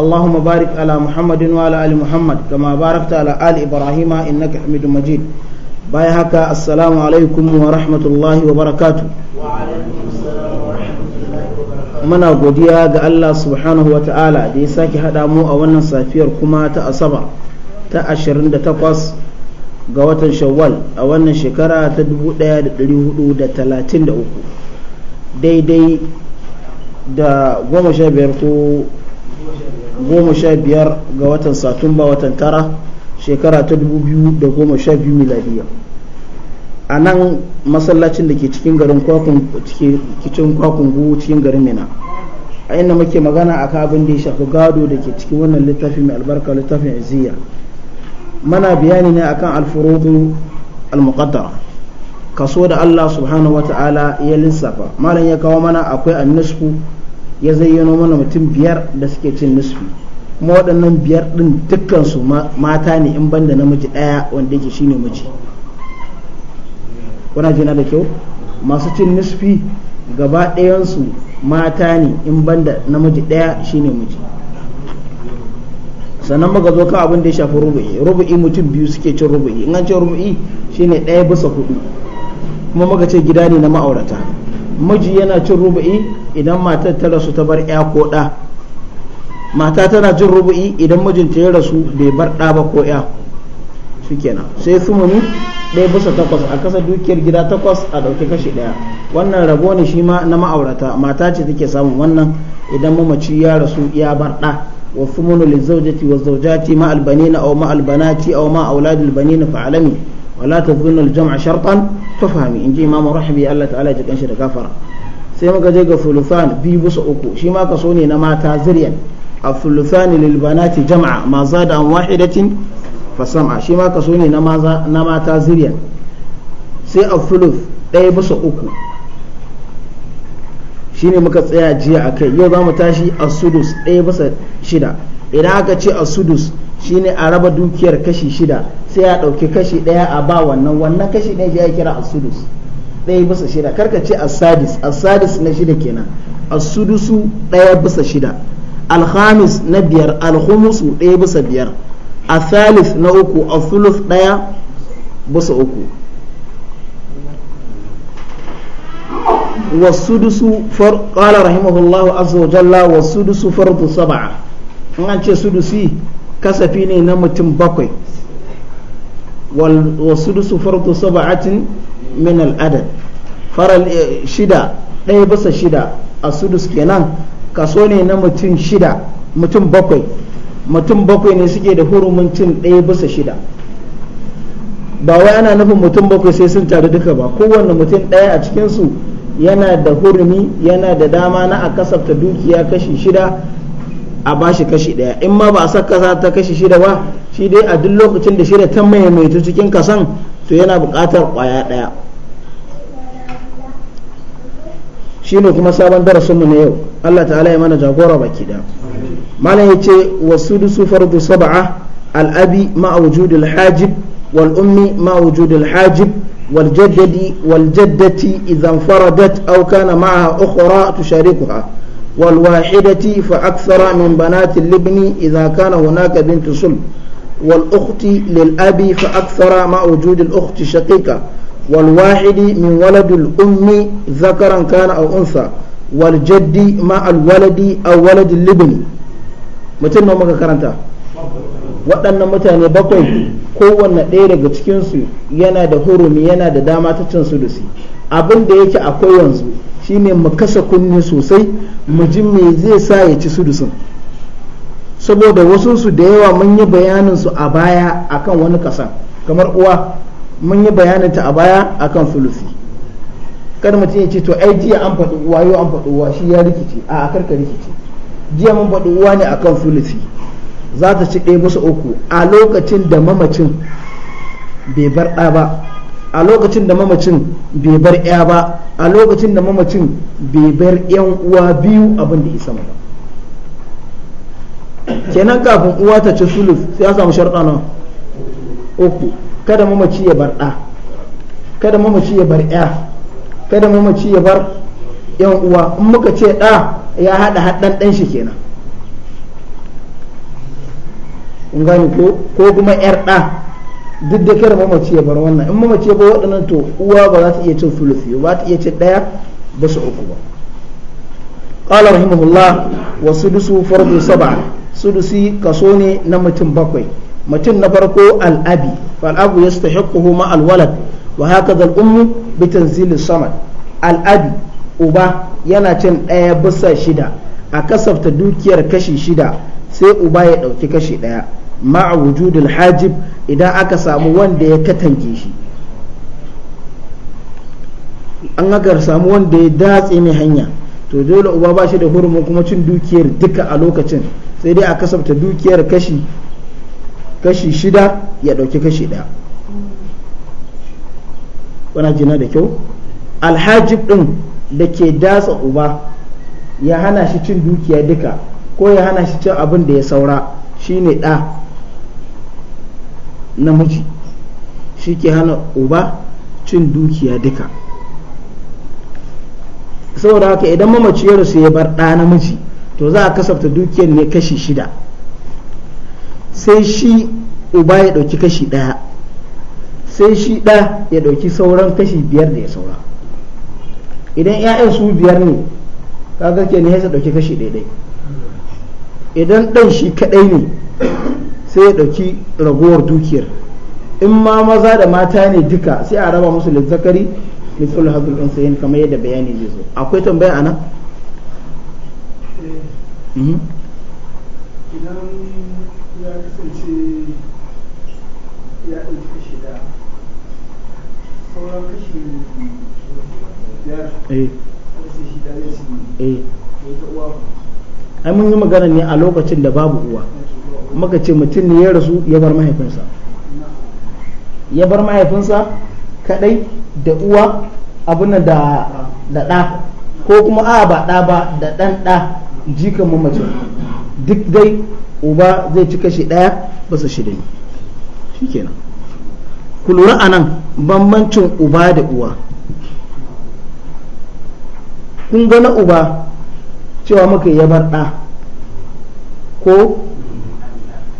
اللهم بارك على محمد وعلى آل محمد كما باركت على آل إبراهيم إنك حميد مجيد باي هكا السلام عليكم ورحمة الله وبركاته وعليكم السلام ورحمة الله وبركاته منا godiya ga Allah subhanahu wa da ya sake haɗa mu a wannan safiyar kuma ta asaba ta 28 ga watan shawwal a wannan shekara ta 1433 daidai da goma sha biyar ko goma sha biyar ga watan satumba watan tara shekara ta dubu biyu da goma sha biyu miladiya a nan masallacin da ke cikin garin kwakungu cikin garin mina a inda muke magana a abin da ya shafi gado da ke cikin wannan littafi mai albarka littafin iziya mana bayani ne akan alfurudu almuqaddara kaso da allah subhanahu wa ta'ala ya lissafa malam ya kawo mana akwai annasku ya zayyano mana mutum biyar da suke cin nisfi kuma waɗannan biyar ɗin dukkansu mata ne in banda namiji ɗaya wanda yake shine miji kuna jina da kyau masu cin nisfi gaba ɗayansu mata ne in banda namiji ɗaya shine miji sannan muka zo kan abin da ya shafi rubu'i rubu'i mutum biyu suke cin rubu'i in an ce rubu'i shine ɗaya bisa hudu kuma muka ce gida ne na ma'aurata miji yana cin rubu'i idan matar ta rasu ta bar ya ko ɗa mata tana jin rubu'i idan mijinta ya rasu bai bar ɗa ba ko ya kenan sai sumuni ɗaya bisa takwas a kasa dukiyar gida takwas a ɗauki kashi ɗaya wannan rabo ne shi ma na ma'aurata mata ce take samun wannan idan mamaci ya rasu ya bar ɗa wa sumunu lizaujati wa zaujati ma albanina aw ma albanati aw ma auladil banina fa'alami alami wala tazunnu jama shartan fahimi in ji imamu rahabi Allah ta'ala ya kanshi da gafara sai muka je ga thuluthan biyu bisa uku shi ma kaso ne na mata zuriyan a thuluthan lil banati jama'a ma zada an wahidatin fasama shi ma kaso ne na mata zuriyan sai a thuluth ɗaya bisa uku shi ne muka tsaya jiya a kai yau za mu tashi a sudus ɗaya bisa shida idan aka ce a sudus shine a raba dukiyar kashi shida sai a ɗauki kashi ɗaya a ba wannan wannan kashi ɗaya shi ya kira asudus ɗaya bisa shida karka ce asadis asadis na shida kenan asudusu ɗaya bisa shida alhamis na biyar alhumusu ɗaya bisa biyar asalis na uku asulus ɗaya bisa uku والسدس فر قال رحمه الله عز wasudusu fardu sab'a an ce sudusi kasafi ne na mutum bakwai wasu su farko atin min al'adad faral eh, shida ɗaya bisa shida a sudus kenan kaso ne na mutum shida mutum bakwai mutum bakwai ne suke da hurumin cin ɗaya bisa shida ba wai ana nufin mutum bakwai sai sun taru duka ba kowane mutum ɗaya a cikinsu yana da hurumi yana da dama na a kasafta dukiya kashi shida a bashi kashi daya in ma ba a saka kasa ta kashi shida ba shi dai a duk lokacin da shida ta maimaitu cikin kasan to yana buƙatar ƙwaya daya shi ne kuma sabon darasinmu na yau Allah ta'ala ya mana jagora baki da malam yace wasu dusu fardu sab'a al-abi ma hajib wal ummi ma hajib wal jaddadi wal jaddati idza faradat aw kana ma'aha ukhra tusharikuha والواحدة فأكثر من بنات الابن إذا كان هناك بنت صلب والأخت للأب فأكثر مع وجود الأخت شقيقة والواحد من ولد الأم ذكرا كان أو أنثى والجد مع الولد أو ولد الابن متن ما كرنتا waɗannan mutane bakwai kowanne ɗaya daga cikinsu yana da hurumi yana da dama ta cin su da su abin da yake akwai yanzu shine mu kasa kunne sosai mu ji me zai sa ya ci sudusin saboda wasu su da yawa mun yi bayanin su a baya akan wani kasan kamar uwa mun yi bayanin ta a baya akan sulusi kar mutum ya ce to ai jiya an faɗi uwa yau an faɗi uwa shi ya rikice a a ka rikice jiya mun faɗi uwa ne akan sulusi za ta ci ɗaya musu uku a lokacin da mamacin bai bar ɗa ba a lokacin da mamacin bai bar ya ba a lokacin da mamacin bai bar yan uwa biyu abin da isa ba kenan kafin uwa ta ci sulus sai ya samu sharɗa na uku kada mamaci ya bar ɗa kada mamaci ya bar ya kada mamaci ya bar yan uwa in muka ce ɗa ya haɗa haɗan ɗan shi kenan in gani ko kuma yar ɗa duk da kada mamaci ya bar wannan in mamaci ya bar waɗannan to uwa ba za ta iya cin sulusi ba ta iya cin ɗaya ba su uku ba ƙala rahimahullah wa sudusu fardu sab'a sudusi kaso ne na mutum bakwai mutum na farko al'abi fal'abu ya stahiqquhu ma alwalad wa hakaza ummu bi tanzil samad al'abi uba yana cin ɗaya bisa shida a kasafta dukiyar kashi shida sai uba ya ɗauki kashi ɗaya ma'a wujudul hajib idan aka samu wanda ya katange shi an aka samu wanda ya datse mai hanya to dole uba ba shi da hurumin kuma cin dukiyar duka a lokacin sai dai a kasafta dukiyar kashi kashi shida ya dauki kashi ɗaya wana jina da kyau alhajib ɗin da ke datsa uba ya hana shi cin dukiya duka ko ya hana shi cin abin da ya saura shine ɗa namiji shi ke hana uba cin dukiya duka saboda haka idan mamaci ya rasu ya bar ɗa namiji to za a kasafta dukiyar ne kashi shida sai shi uba ya ɗauki kashi ɗaya sai shi ɗa ya ɗauki sauran kashi biyar da ya saura idan 'ya'yan su biyar ne kaga ke ne ya ɗauki kashi ɗaiɗai idan ɗan shi kaɗai ne sai ya ɗauki ragowar dukiyar in ma maza da mata ne duka sai a raba musu zakari mitsul hazul unsayin kamar yadda bayani zai zo akwai tambaya ana mhm. idan ya ya ɗauki kashi da sauran kashi eh. eh. ai mun yi magana ne a lokacin da babu uwa muka ce mutum ne ya rasu ya bar mahaifinsa ya bar mahaifinsa kadai da uwa abin da da ɗa ko kuma a ba ɗa ba da ɗan ɗa jikan mace duk dai uba zai ci kashi ɗaya ba su shida shikenan ku lura a nan bambancin uba da uwa kun ga na uba cewa muka ya bar ɗa ko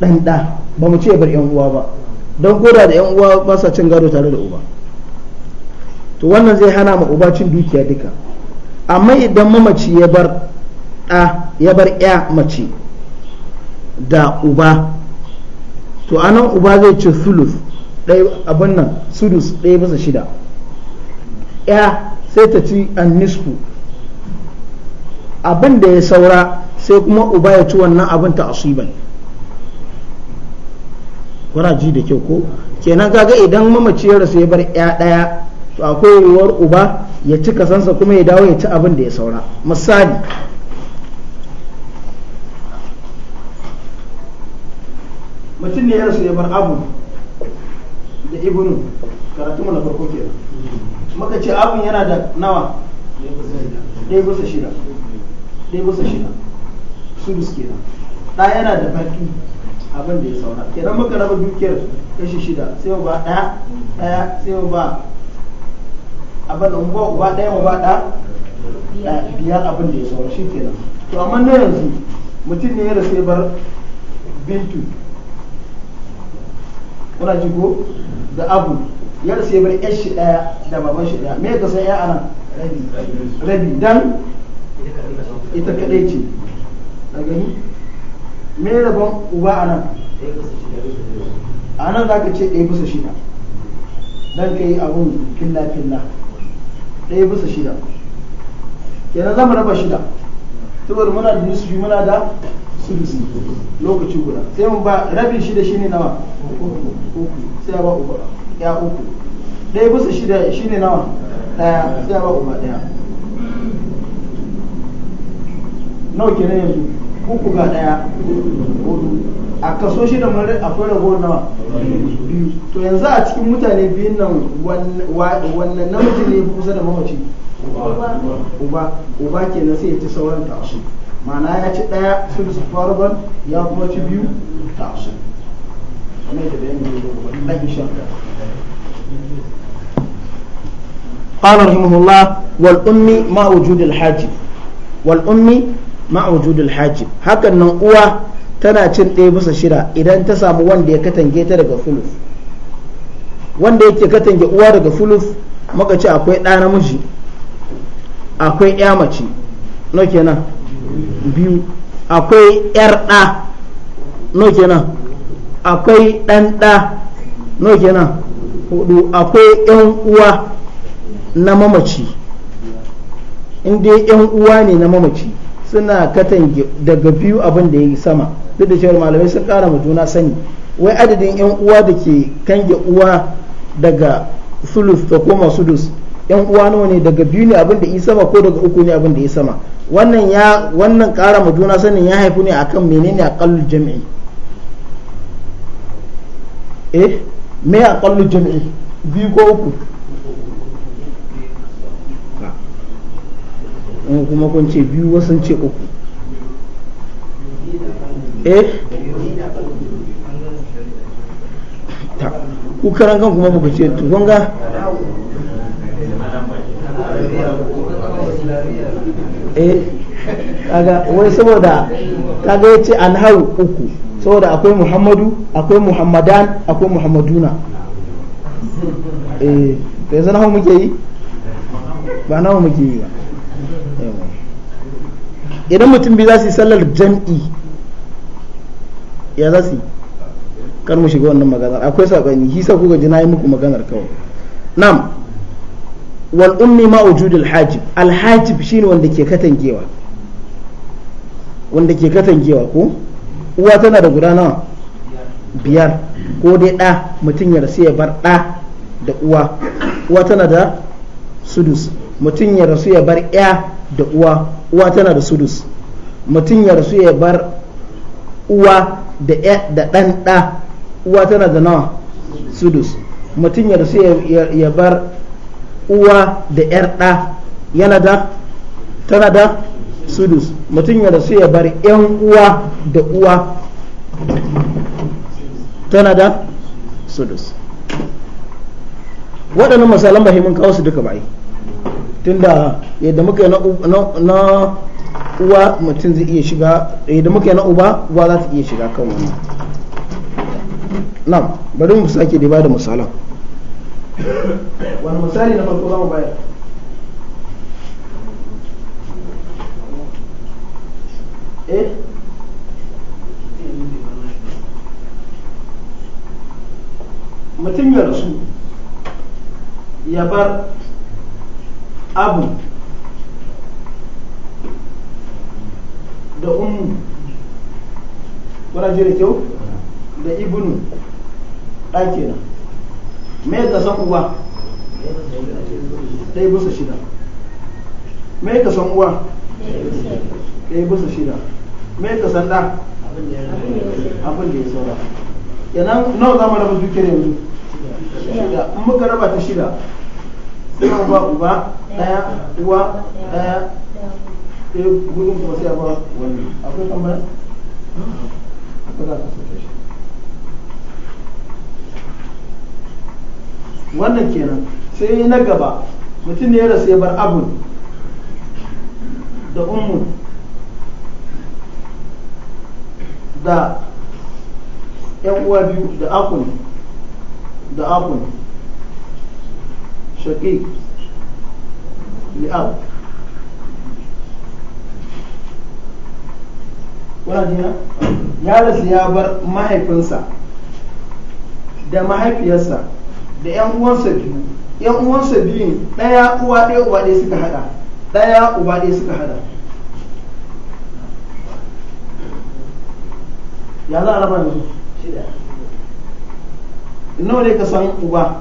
ɗan ɗa ba mu ce bar yan uwa ba don koda da yan uwa ba sa cin gado tare da uba to wannan zai hana ma uba cin dukiya duka amma idan mamaci ya bar ɗa ya bar ya mace da uba to anan uba zai ci sulus ɗaya abin nan sudus ɗaya bisa shida ya sai ta ci an nisku abin da ya saura sai kuma uba ya ci wannan abin ta asibai kuna ji da kyau ko kenan kaga idan mamaci ya rasu ya bar ya daya to akwai yiwuwar uba ya ci kasansa kuma ya dawo ya ci abin da ya saura misali mutum ne ya rasu ya bar abu da ibnu karatu mu na farko kenan maka ce abun yana da nawa ɗaya bisa shida ɗaya bisa shida su biskina ɗaya yana da baki abin da ya saura kenan muka raba dukiyar kashi shida sai ba ɗaya ɗaya sai ba abin da ba uba ɗaya ba ɗaya biyar abin da ya saura shi kenan to amma na yanzu mutum ne ya rasa bar bintu kuna ji ko da abu ya rasa bar yar shi ɗaya da baban shi ɗaya me ka san ya anan rabi rabi dan ita kadai ce a gani me ban uba a nan a nan za ka ce ɗaya bisa shida don ka yi abun filla-filla ɗaya bisa shida kenan zama raba shida saboda muna da nisfi muna da sulusi lokaci guda sai mun ba rabin shida shine nawa uku sai ba uba ya uku ɗaya bisa shida shine nawa ɗaya sai ba uba ɗaya nawa kenan yanzu uku ga daya hudu a kaso shi da mara akwai rago nawa biyu to yanzu a cikin mutane biyun nan wannan namiji ne kusa da mamaci uba uba kenan sai ya ci sauran tasu ma'ana ya ci daya sun su farban ya kuma ci biyu tasu ne da bayan da ya zo insha قال رحمه الله والأم ما وجود الحاجب والأم ma'aujudul hajib hakan nan uwa tana cin ɗaya bisa shida idan ta samu wanda ya katange ta daga fuluf wanda yake katange uwa daga fuluf muka ce akwai ɗa namiji akwai ya mace no kenan biyu akwai yar ɗa no kenan akwai ɗan ɗa no kenan hudu akwai yan uwa na mamaci inda yan uwa ne na mamaci suna katange daga biyu abin da ya yi sama duk da cewar malamai sun kara mu juna sani wai adadin yan uwa da ke kange uwa daga sulus da koma sulus yan uwa nawa ne daga biyu ne abin da yi sama ko daga uku ne abin da yi sama wannan ya wannan kara mu juna sani ya haifu ne akan menene aqallul jam'i eh me aqallul jam'i biyu ko uku in kuma kun ce biyu wasu ce uku eh ta ku karan kan kuma ku ce tukun ga eh kaga wai saboda kaga ce an hau uku saboda akwai muhammadu akwai muhammadan akwai muhammaduna eh to yanzu na hau muke yi ba na hau muke yi ba idan mutum biyu za su yi sallar jam'i ya za su yi kar mu shiga wannan maganar akwai saƙoni hisa kuka ji na yi muku maganar kawai nam wal ummi ma wujudul hajib al hajib shine wanda ke katangewa wanda ke katangewa ko uwa tana da guda nawa biyar ko dai ɗa mutum ya rasu ya bar ɗa da uwa uwa tana da sudus mutum ya rasu ya bar ya da uwa uwa tana da sudus mutum ya rasu ya bar uwa da da ɗan uwa tana da nawa sudus mutum ya rasu ya bar uwa da ‘yar ɗa yana da tana da sudus mutum ya rasu ya bar ‘yan uwa da uwa tana da sudus waɗannan misalan bahimin mun kawo su duka ba'i tunda yadda muka yi na uwa mutum zai iya shiga yadda muka yi na uba uwa za ta iya shiga kan wani na bari mu sake da bada misalan wani misali na farko za mu bayar eh? mutum ya rasu ya bar abu da umu kuna da kyau da ibnu ɗaki na me ka san uwa ɗaya busa shida me ka san uwa ɗaya busa shida me ka san ɗa abin da ya saura yanan nawa za mu raba dukiyar yanzu shida in muka raba ta shida kuma ba uba daya uwa daya gudun kuma sai wani akwai wannan kenan sai na gaba mutum ne ya rasu ya bar abun da ummun da yan uwa biyu da akun da akun شقيق لأب wajina ya rasu ya bar mahaifinsa da mahaifiyarsa da 'yan uwansa biyu 'yan uwansa biyu ɗaya uwa ɗaya uwa ɗaya suka hada ɗaya uwa ɗaya suka hada ya za a raba yanzu shida nawa ne ka san uba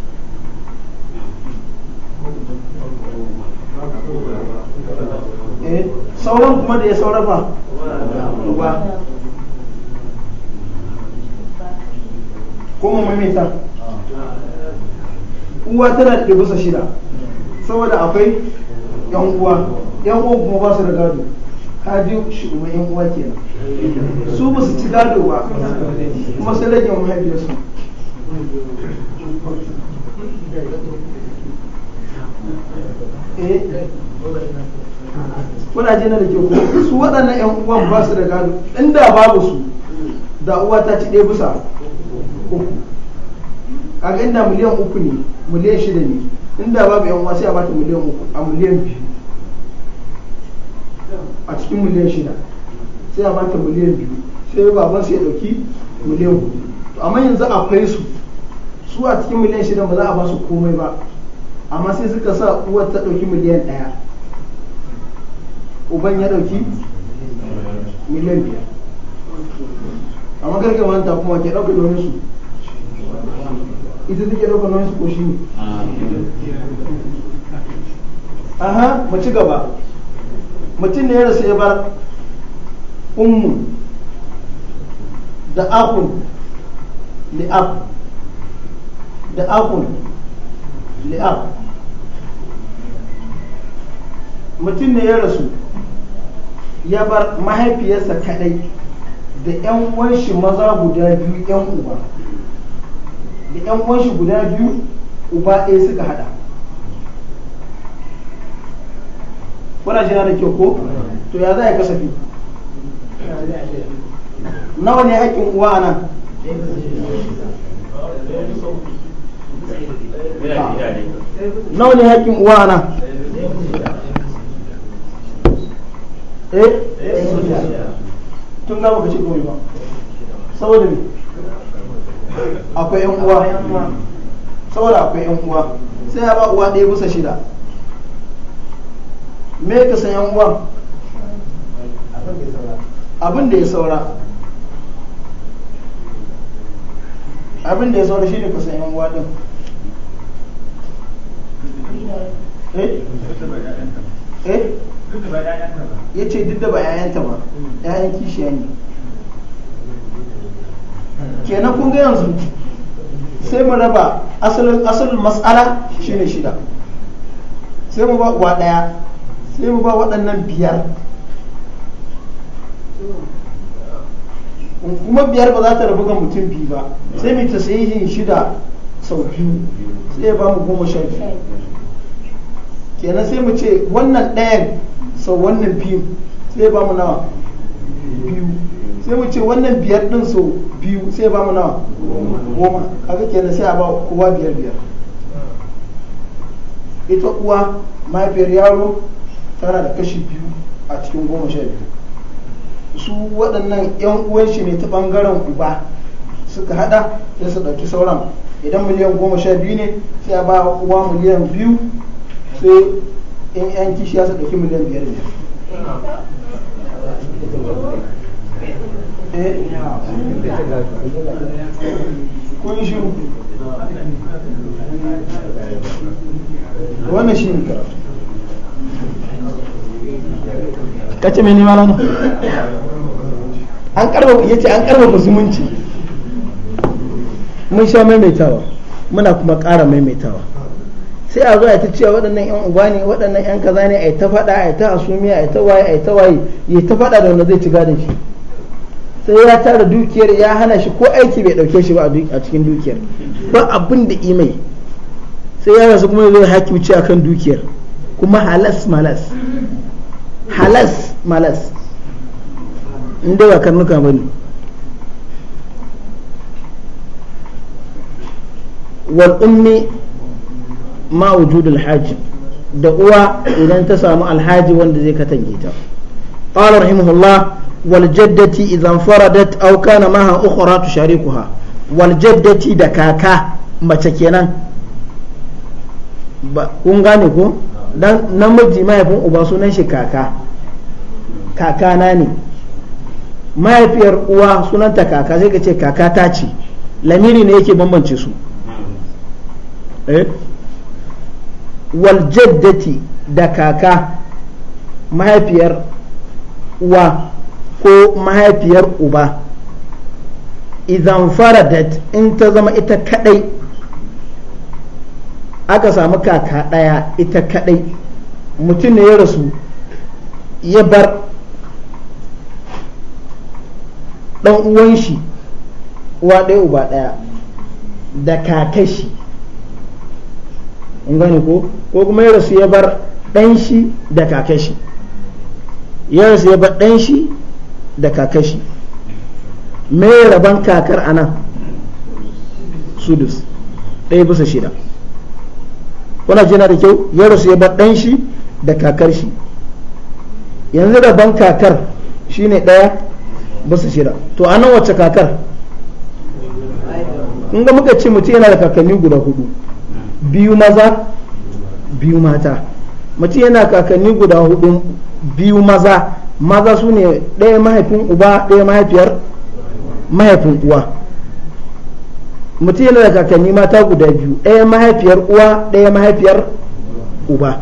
Eh, sauran kuma da ya saurafa ba kuma mamita uwa tana da bisa shida saboda akwai yan uwa yan uwa kuma ba su da gado ka ji shugaban yan uwa na su ba su ci gado ba kuma sai yan mahaifiyarsu muna jina da ke kuma su waɗannan yan uwan ba su da gado inda babu su da uwa ta ci ɗaya bisa uku kaga inda miliyan uku ne miliyan shida ne inda babu yan uwa sai a bata miliyan uku a miliyan biyu a cikin miliyan shida sai a bata miliyan biyu sai baban su ya ɗauki miliyan hudu amma yanzu akwai su su a cikin miliyan shida ba za a ba su komai ba amma sai suka sa uwar ta ɗauki miliyan ɗaya uban ya ɗauki miliyan biyar amma karka manta kuma ke ɗauka domin su ita take ɗauka domin su ko shi ne aha mu ci gaba mutum ne ya rasu ya bar ummu da akun li'ab da akun li'ab mutum ne ya rasu ya bar mahaifiyarsa kadai da yan uwanshi maza guda biyu yan uba da yan uwanshi guda biyu uba ɗaya suka hada kuna jina da kyau ko to ya za a kasafi nawa ne haƙƙin uwa nan nawa ne haƙƙin uwa nan eh tun na baka ce komai ba saboda me akwai yan uwa saboda akwai yan uwa sai ya ba uwa ɗaya kusa shida me ka san yan uwan abin da ya saura abin da ya saura shi kusan yan uwa din eh? eh ya ce duk da ba yayanta ba yayan kishiya ne kenan kun ga yanzu sai mu raba asalin matsala shine shida sai mu ba uwa ɗaya sai mu ba waɗannan biyar kuma biyar ba za ta rabu ga mutum biyu ba sai mu ta sayi shida sau biyu sai ya ba mu goma sha biyu kenan sai mu ce wannan ɗayan sau wannan biyu sai ba mu nawa biyu sai mu ce wannan biyar ɗin sau biyu sai ba mu nawa goma kaga kenan sai a ba kowa biyar biyar ita uwa mahaifiyar yaro tana da kashi biyu a cikin goma sha biyu su waɗannan 'yan uwan shi ne ta ɓangaren uba suka hada sai su ɗauki sauran idan miliyan goma sha biyu ne sai a ba uwa miliyan biyu sai in yan kishi ya ɗauki miliyan biyar ne eh. kun shi wannan shi ne karatu kace mai nema lana an karba yace an karba zumunci mun sha maimaitawa muna kuma kara maimaitawa sai a zo a ta cewa waɗannan yan uba ne waɗannan yan kaza ne a ta faɗa a ta asumiya a ta waye a ta waye ya ta faɗa da wanda zai ci gadon shi sai ya tara dukiyar ya hana shi ko aiki bai ɗauke shi ba a cikin dukiyar ba abin da imai sai ya rasu kuma zai wuce akan dukiyar kuma halas malas halas malas inda ba karnuka ba ne wal ummi ma wujudul haji da uwa idan ta samu alhaji wanda zai katange ta qala rahimahullah wal jaddati idan faradat aw kana maha ukhra tusharikuha wal jaddati da kaka mace kenan ba kun gane ko dan namiji mahaifin uba sunan shi kaka na ne mahaifiyar uwa sunanta kaka sai ka ce kaka ta ce lamiri ne yake bambance su eh? wal jaddati da kaka mahaifiyar uwa ko mahaifiyar uba idan faradat in ta zama ita kadai aka samu kaka daya ita kadai mutum ne ya rasu ya bar dan uwan shi uwa ɗaya uba ɗaya da kakashi in gani ko ko kuma ya rasu ya bar ɗan shi da kakashi ya rasu ya bar ɗan shi da kakashi me raban kakar a nan sudus ɗaya bisa shida kuna jina da kyau ya rasu ya bar ɗan shi da kakar shi yanzu raban kakar shine ɗaya bisa shida to a nan wacce kakar in ga muka ce mutum yana da kakanni guda hudu biyu maza biyu mata mace yana kakanni guda hudu biyu maza maza su ne ɗaya mahaifin uba ɗaya mahaifiyar mahaifin uwa mutum yana da kakanni mata guda biyu ɗaya mahaifiyar uwa ɗaya mahaifiyar uba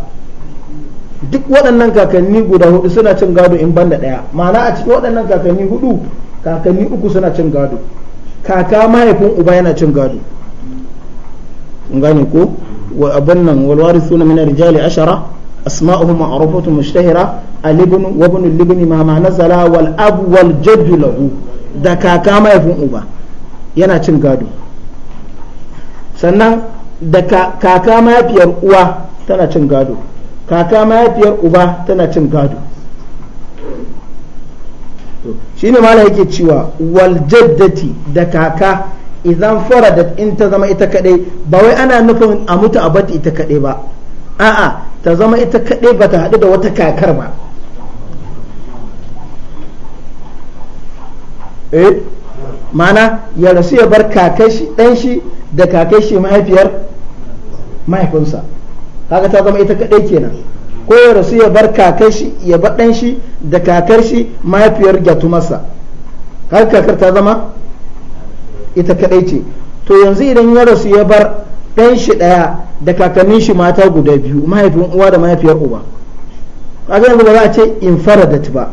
duk waɗannan kakanni guda hudu suna cin gado in banda ɗaya ma'ana a cikin waɗannan kakanni hudu kakanni uku suna cin gado kaka mahaifin uba yana cin gado gane ko wa abin nan walwari suna mina rijali ashara asma'uhum ma'rufatun mushtahira al ibn wa ibn al ibn ma ma nazala wal abu wal jaddu lahu da kaka mahaifin uba yana cin gado sannan da kaka mahaifiyar uwa tana cin gado kaka mahaifiyar uba tana cin gado shine mala yake cewa wal jaddati da kaka idan da in ta zama ita kaɗai, ba wai ana nufin a mutu a ita kaɗai ba a'a ta zama ita ba bata haɗu da wata kakar ba eh mana ya rasu ya bar kakashi ɗan shi da kakashi mahaifiyar mahaifinsa kaga ta zama ita kaɗai kenan ko ya rasu ya bar kakashi ya bar ɗan shi da kakar shi mahaifiyar gyatumarsa kaga kakar ta zama ita kadai ce to yanzu idan ya rasu ya bar ɗan shi ɗaya da kakannin shi mata guda biyu mahaifin uwa da mahaifiyar uba kaga yanzu ba za a ce faradat ba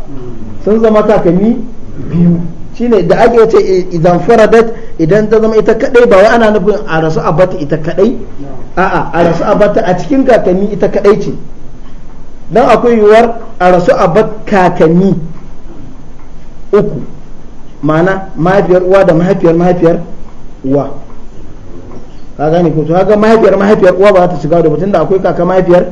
sun zama kakanni biyu shine da ake ce idan faradat idan ta zama ita kadai ba wai ana nufin a rasu a bata ita kadai a'a a rasu a bata a cikin kakanni ita kadai ce dan akwai yiwuwar a rasu a bat kakanni uku ma'ana mahaifiyar uwa da mahaifiyar mahaifiyar uwa ka gane ko to kaga mahaifiyar mahaifiyar uwa ba za ta shiga da mutum da akwai kaka mahaifiyar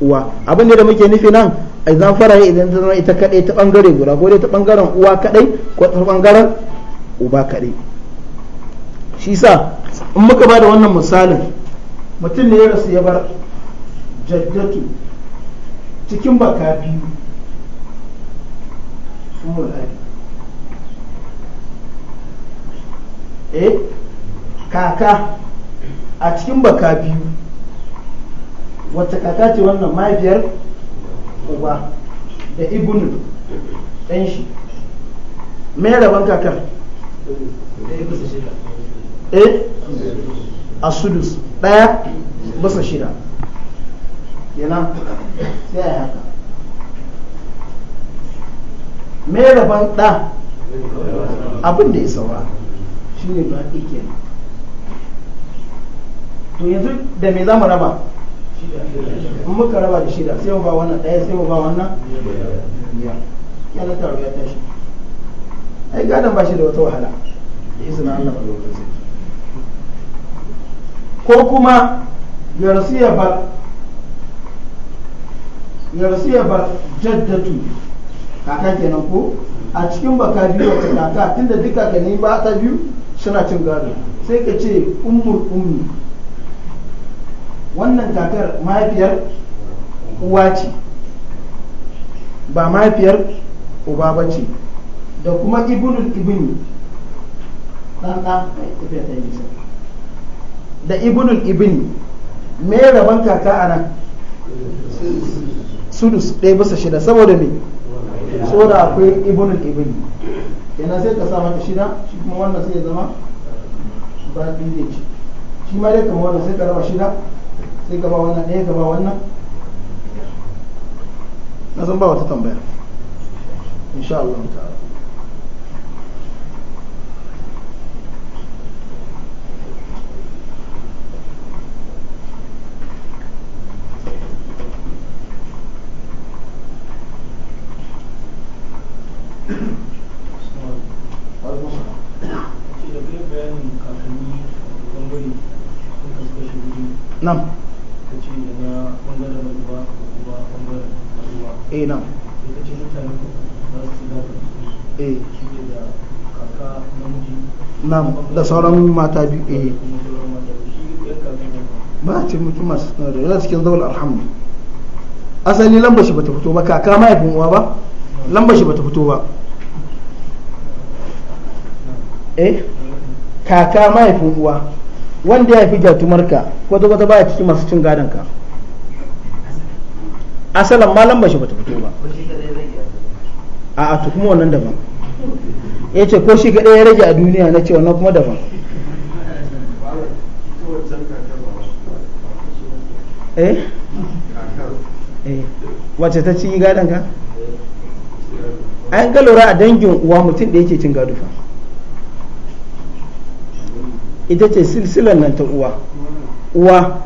uwa abin da muke nufi nan a zan fara idan ta zama ita kadai ta bangare guda ko dai ta bangaren uwa kadai ko ta bangaren uba kadai shi sa in muka ba da wannan misalin mutum ne ya rasu ya bar jaddatu cikin baka biyu sun eh kaka a cikin baka biyu wacce kaka ce wannan mahaifiyar uba da ibnu ɗan shi me rabon kakar eh a sudus ɗaya basa shida yana sai a haka me rabon ɗa abin da ya saura shi ne ba ake ke to yanzu da me za mu raba in muka raba da shida sai mu ba wannan ɗaya sai mu ba wannan ya na taro ya tashi ai gadon ba shi da wata wahala da izina Allah ba da ko kuma yarsiya ba yarsiya ba jaddatu kaka kenan ko a cikin baka biyu wata kaka tunda duka ka ne ba ta biyu suna cin gado sai ka ce umur ummi wannan kakar mahaifiyar uwa ce ba mahaifiyar uba ba ce da kuma ibn ibn dan dan tafiya ta yi da ibn ibn me rabon kaka a nan sudus ɗaya bisa shida saboda me saboda akwai ibn ibn kenan sai ka sa mata shida shi kuma wannan sai ya zama ba da ce shi ma dai kamar wannan sai ka raba shida sai ka ba wannan ɗaya ka ba wannan na san ba wata tambaya insha Allah ta'ala da sauran mata biyu eh ba a ce mutum masu da yana cikin zawal alhamdu asali lambashi ba bata fito ba kaka mahaifin uwa ba lambashi ba bata fito ba eh kaka mahaifin uwa wanda ya fi jatumarka kwata kwata baya cikin masu cin gadon ka asalan ma lambashi ba bata fito ba a a tukuma wannan daban ya ce ko shi kaɗai ya rage a duniya na ce wannan kuma daban eh, eh. wace ta ci gadon ka an ga lura a dangin uwa mutum da yake cin gado fa ita ce silsilan nan ta uwa uwa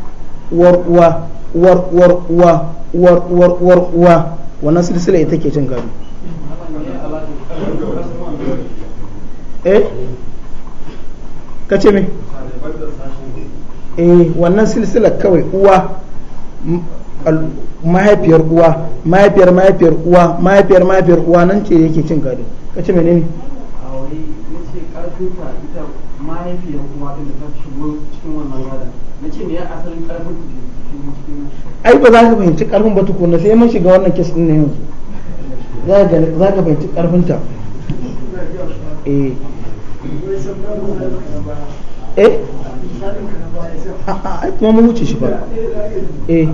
uwar uwa uwar uwar uwa uwar uwar uwar uwa wannan silsila ita ke cin gado eh ka ce me eh wannan silsilar kawai uwa mahaifiyar uwa mahaifiyar mahaifiyar uwa mahaifiyar mahaifiyar uwa nan ce yake cin gado ka ce menene ai ba za ka fahimci karfin ba tukuna sai mun shiga wannan kes din ne yanzu za ka fahimci karfin ta eh eh ba eh.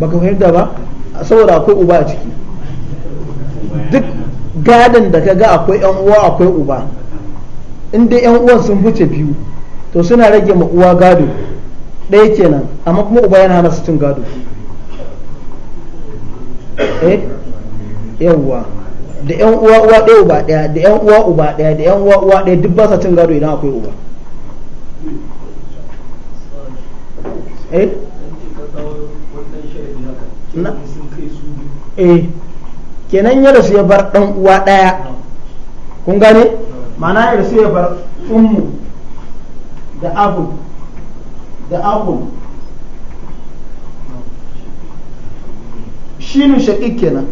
baka fahimta ba saboda akwai uba a ciki duk gadon da ka ga akwai yan uwa akwai uba inda dai yan uwan sun fice biyu to suna rage ma uwa gado ɗaya kenan amma kuma uba yana hana su cin gado eh yawwa da yan uwa uwa ɗaya uba ɗaya da yan uwa uba ɗaya da yan uwa uwa ɗaya duk ba sa cin gado idan akwai uba eh, eh. kenan ya rasu ya bar dan uwa ɗaya kun gane ma'ana ya rasu ya bar ummu da abu da abu ne shaƙi kenan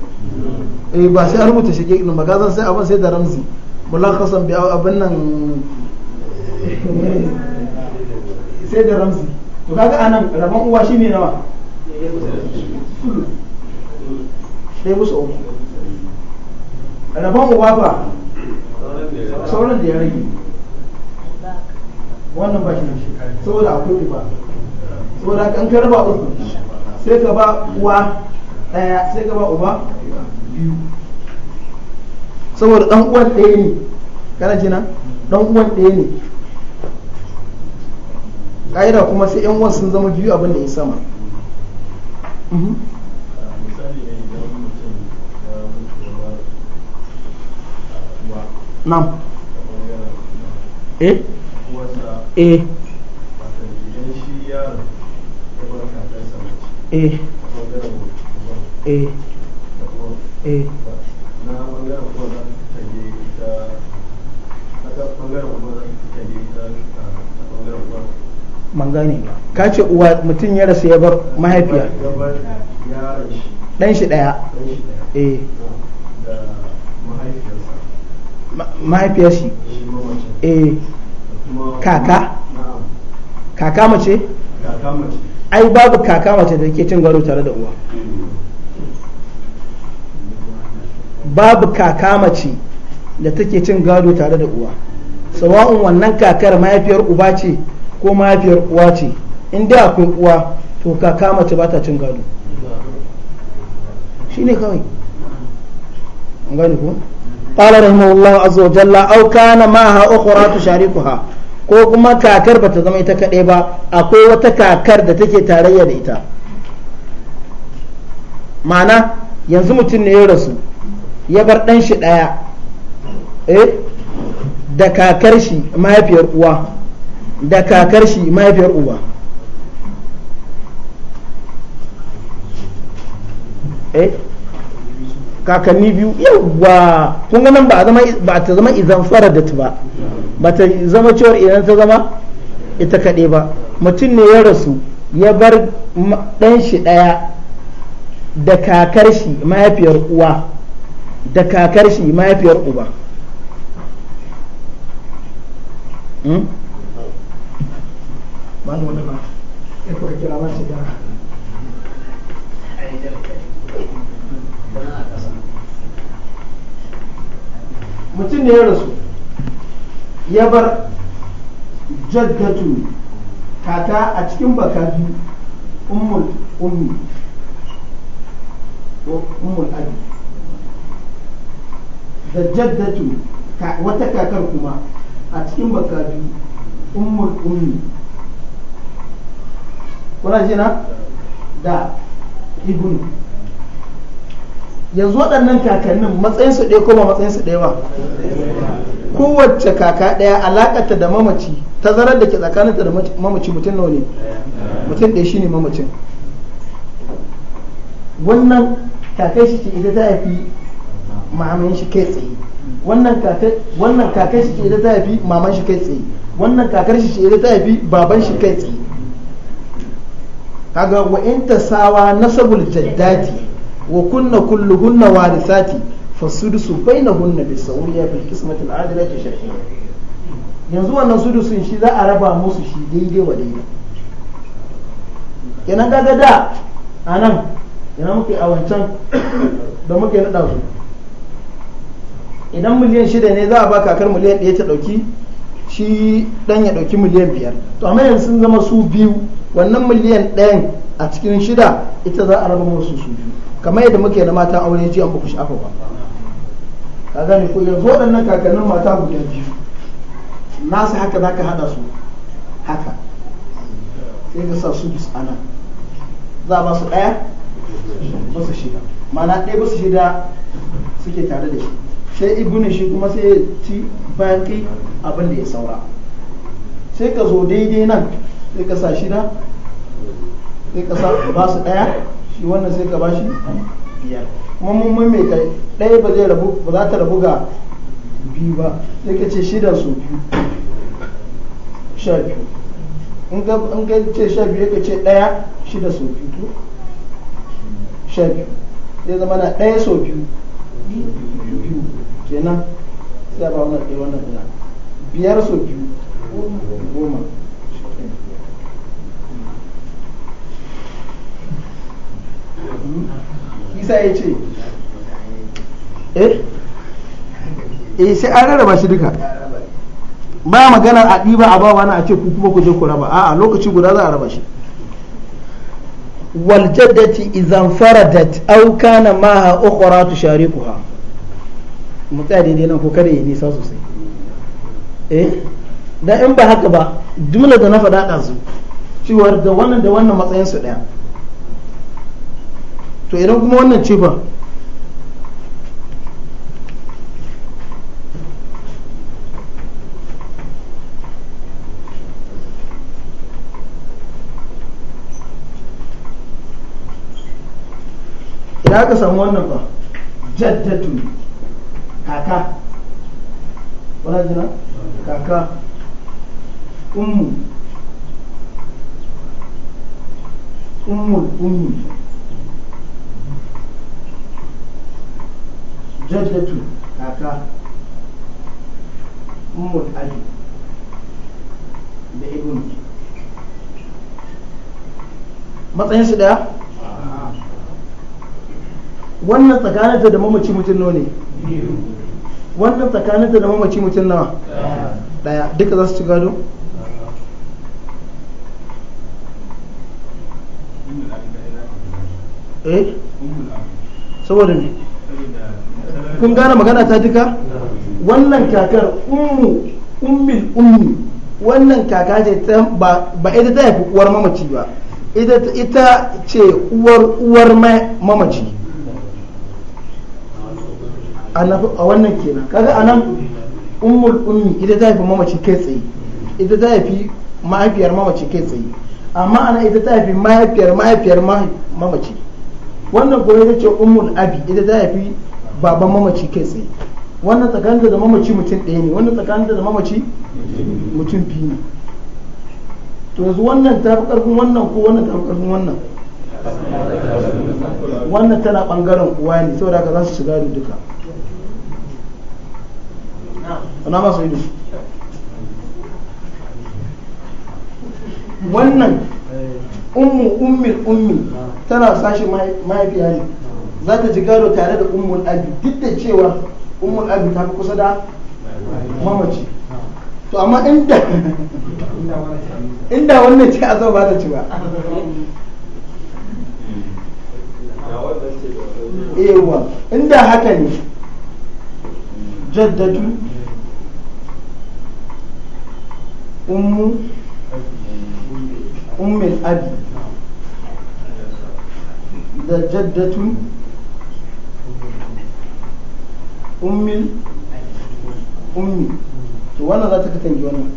eh ba sai an rubuta shaqiq din magazan sai abin sai da ramzi kasan bi abin nan eh, sai da ramzi to kaga anan rabon uwa ne nawa sai musu uku rabon uwa ba sauran da ya rage wannan ba shi ne saboda akwai ba saboda kan ba uku sai ka ba uwa daya sai gaba uba biyu saboda dan uwan ɗaya ne kana jina dan uwan ɗaya ne ƙa'ida kuma sai yan uwan sun zama biyu abin da ya sama mhm. Nam. Eh? Eh. Eh. eh, eh. ka ce uwa mutum ya rasu ya bar mahaifiya dan shi daya eh mahaifiyar shi eh kaka kaka mace ai babu kaka mace da ke cin gado tare da uwa babu kaka da take cin gado tare da uwa sawa'un wannan kakar mahaifiyar uba ce ko mahaifiyar uwa ce in dai akwai uwa to kaka ba ta cin gado ne kawai an gane ko ƙwalar rahimahullahu azza wa jalla aw kana ma'aha ukhra tusharikuha ko kuma kakar ba ta zama ita kadai ba akwai wata kakar da take tarayya da ita ma'ana yanzu mutum ne ya rasu ya bar ɗan shi ɗaya eh, da kakar shi mahaifiyar uwa da kakar shi mahaifiyar uba eh, kakanni biyu yawwa kun ganin nan ba ta zama izan faradat ba ba ta zama cewar idan ta zama ita kaɗai ba mutum ne ya rasu ya bar ɗan shi ɗaya da kakar shi mahaifiyar uwa da kakar shi mahaifiyar uba hmm? mutum ne ya rasu ya bar jaddatu kata a cikin baka ummul ummi ummul da jaddatu wata kakar kuma a cikin bakatu umar ummi kuna jina da ibnu yanzu waɗannan kakannin matsayinsu ɗaya kuma matsayin matsayinsu ɗaya ba kowace kaka ɗaya alaƙata da mamaci ta zarar da ke tsakaninta da mamaci mutum nawa ne mutum ɗaya shine mamacin wannan kakai shi ce ita ta haifi maman shi kai tsaye wannan kakar shi ke da ta haifi maman shi kai tsaye wannan kakar shi ke da ta haifi baban shi kai tsaye kaga wa in tasawa nasabul jaddati wa kunna kulluhunna warisati fasudusu bainahunna bisawiya bil qismati al adilati shafi yanzu wannan sudusun shi za a raba musu shi daidai wa daidai kenan kaga da anan yana muke a wancan da muke nada su idan miliyan shida ne za a ba kakar miliyan ɗaya ta ɗauki shi ɗan ya ɗauki miliyan biyar to amma yanzu sun zama su biyu wannan miliyan ɗayan a cikin shida ita za a raba musu su biyu kamar yadda muke na mata aure ji an buku shafa ba ka gani ko yanzu waɗannan kakannin mata guda biyu nasu haka za ka haɗa su haka sai ka sa su bis ana za a ba su ɗaya ba su shida ma'ana ɗaya ba su shida suke tare da shi sai ibini shi kuma sai ya ci baki abin da ya saura sai ka zo daidai nan sai ka sa shida sai ka sa ba su daya shi wannan sai ka ba shi biyar kuma mun maimaita ɗaya ba zai rabu ba za ta rabu ga biyu ba sai ka ce shida su biyu sha biyu in ka ce sha biyu ka ce ɗaya shida su biyu sha biyu zai zama na ɗaya sau biyu kenan sai ba wannan ɗaya wannan ɗaya biyar so biyu goma isa ya ce eh eh sai an rarraba shi duka ba magana a ɗiba a bawa na a ce ku kuma ku je ku raba a'a lokaci guda za a raba shi wal jaddati idan faradat aw kana maha ukhra tusharikuha mu tsaya daidai nan ko kada ya nisa sosai eh da in ba haka ba jumla da na faɗa su cewar da wannan da wannan matsayin su ɗaya to idan kuma wannan ce fa idan aka samu wannan ba jaddatu kaka wala jina kaka ummu ummul ummi jaddatu kaka ummul ali da matsayin matsayinsu daya wannan tsakaninta da mamaci mutum ne wannan tsakanin da mamaci mutum nawa daya duka za su ci gado eh saboda ne kun gane magana ta duka wannan kakar ummu ummin ummi wannan kaka ce ba ita ta haifi uwar mamaci ba ita ce uwar uwar mamaci a wannan kenan kaga anan ummul ummi ita ta haifi mamaci kai tsaye ita ta haifi mahaifiyar mamaci kai tsaye amma ana ita ta haifi mahaifiyar mahaifiyar mamaci wannan kuma ita ce ummul abi ita ta haifi baban mamaci kai tsaye wannan tsakanin da mamaci mutum ɗaya ne wannan tsakanin da mamaci mutum biyu ne to yanzu wannan ta fi ƙarfin wannan ko wannan ta fi ƙarfin wannan wannan tana ɓangaren uwa ne saboda haka za su shiga duka ana masu ido wannan ummu ummin ummi tana sashi mahaifiya ne za ta ji gado tare da ummul abi duk da cewa ummul abi ta kusa da mamaci to amma inda inda wannan ce zo ba ta ci ba ewa inda haka ne jaddatu ummu ummul abi da jaddatu ummul ummi to wannan za ta katange wannan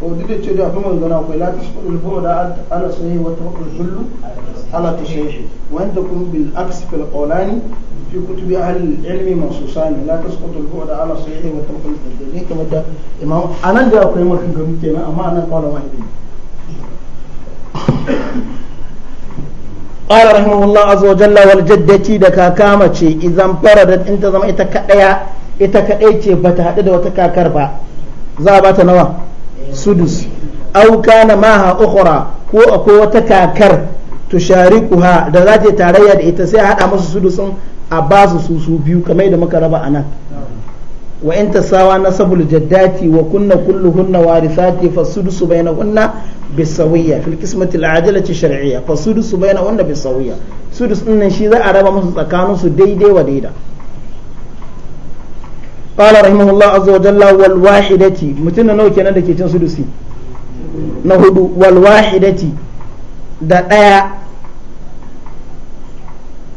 duk da ce da akwai magana akwai la tasqul bu'da ala sahih wa tawqul zullu ala tashayhi wa inda kun bil aks fil qawlani fi kutubi ahli ilmi mansusan la tasqul bu'da ala sahih wa tawqul zullu kamar da imam anan da akwai maganganu amma قال رحمه الله عز وجل والجدة دكا كامتي إذا انفردت انت زم إتكا إتكا إيتي بتهدد وتكا كربا زابت نوا sudus au kana maha ukhra ko akwai wata kakar tusharikuha da za ta tarayya da ita sai hada musu sudusin a ba su su su biyu kamar da muka raba anan wa in tasawa nasabul jaddati wa kunna kulluhunna warithati fasudusu bainahunna bisawiyya fil qismati al-ajilati shar'iyya fasudusu bainahunna bisawiyya sudus din nan shi za a raba musu tsakanin su daidai wa daida qala rahimahullah azza wa jalla wal wahidati mutum na nawa kenan da ke cin sudusi na hudu wal wahidati da daya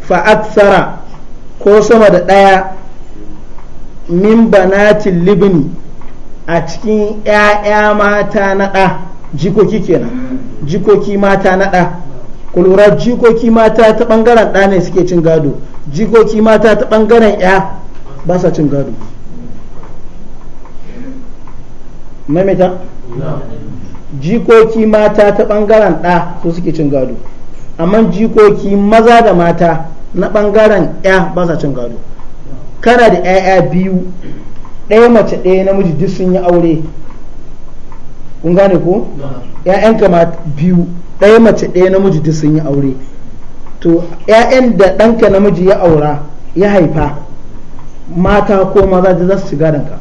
fa aksara ko sama da daya min banatin libni a cikin ‘ya'ya mata na ɗa jikoki kenan jikoki mata na ɗa kulura jikoki mata ta ɓangaren ɗa ne suke cin gado jikoki mata ta bangaren ‘ya ba sa cin gado maimaita jikoki mata ta bangaren ɗa su suke cin gado amma jikoki maza da mata na bangaren ya ba sa cin gado kana da 'ya'ya biyu ɗaya mace ɗaya namiji duk sun yi aure kun gane ko ya'yan kama biyu ɗaya mace ɗaya namiji duk sun yi aure to yayan da ɗanka namiji ya aura ya haifa mata ko maza da za su shiga danka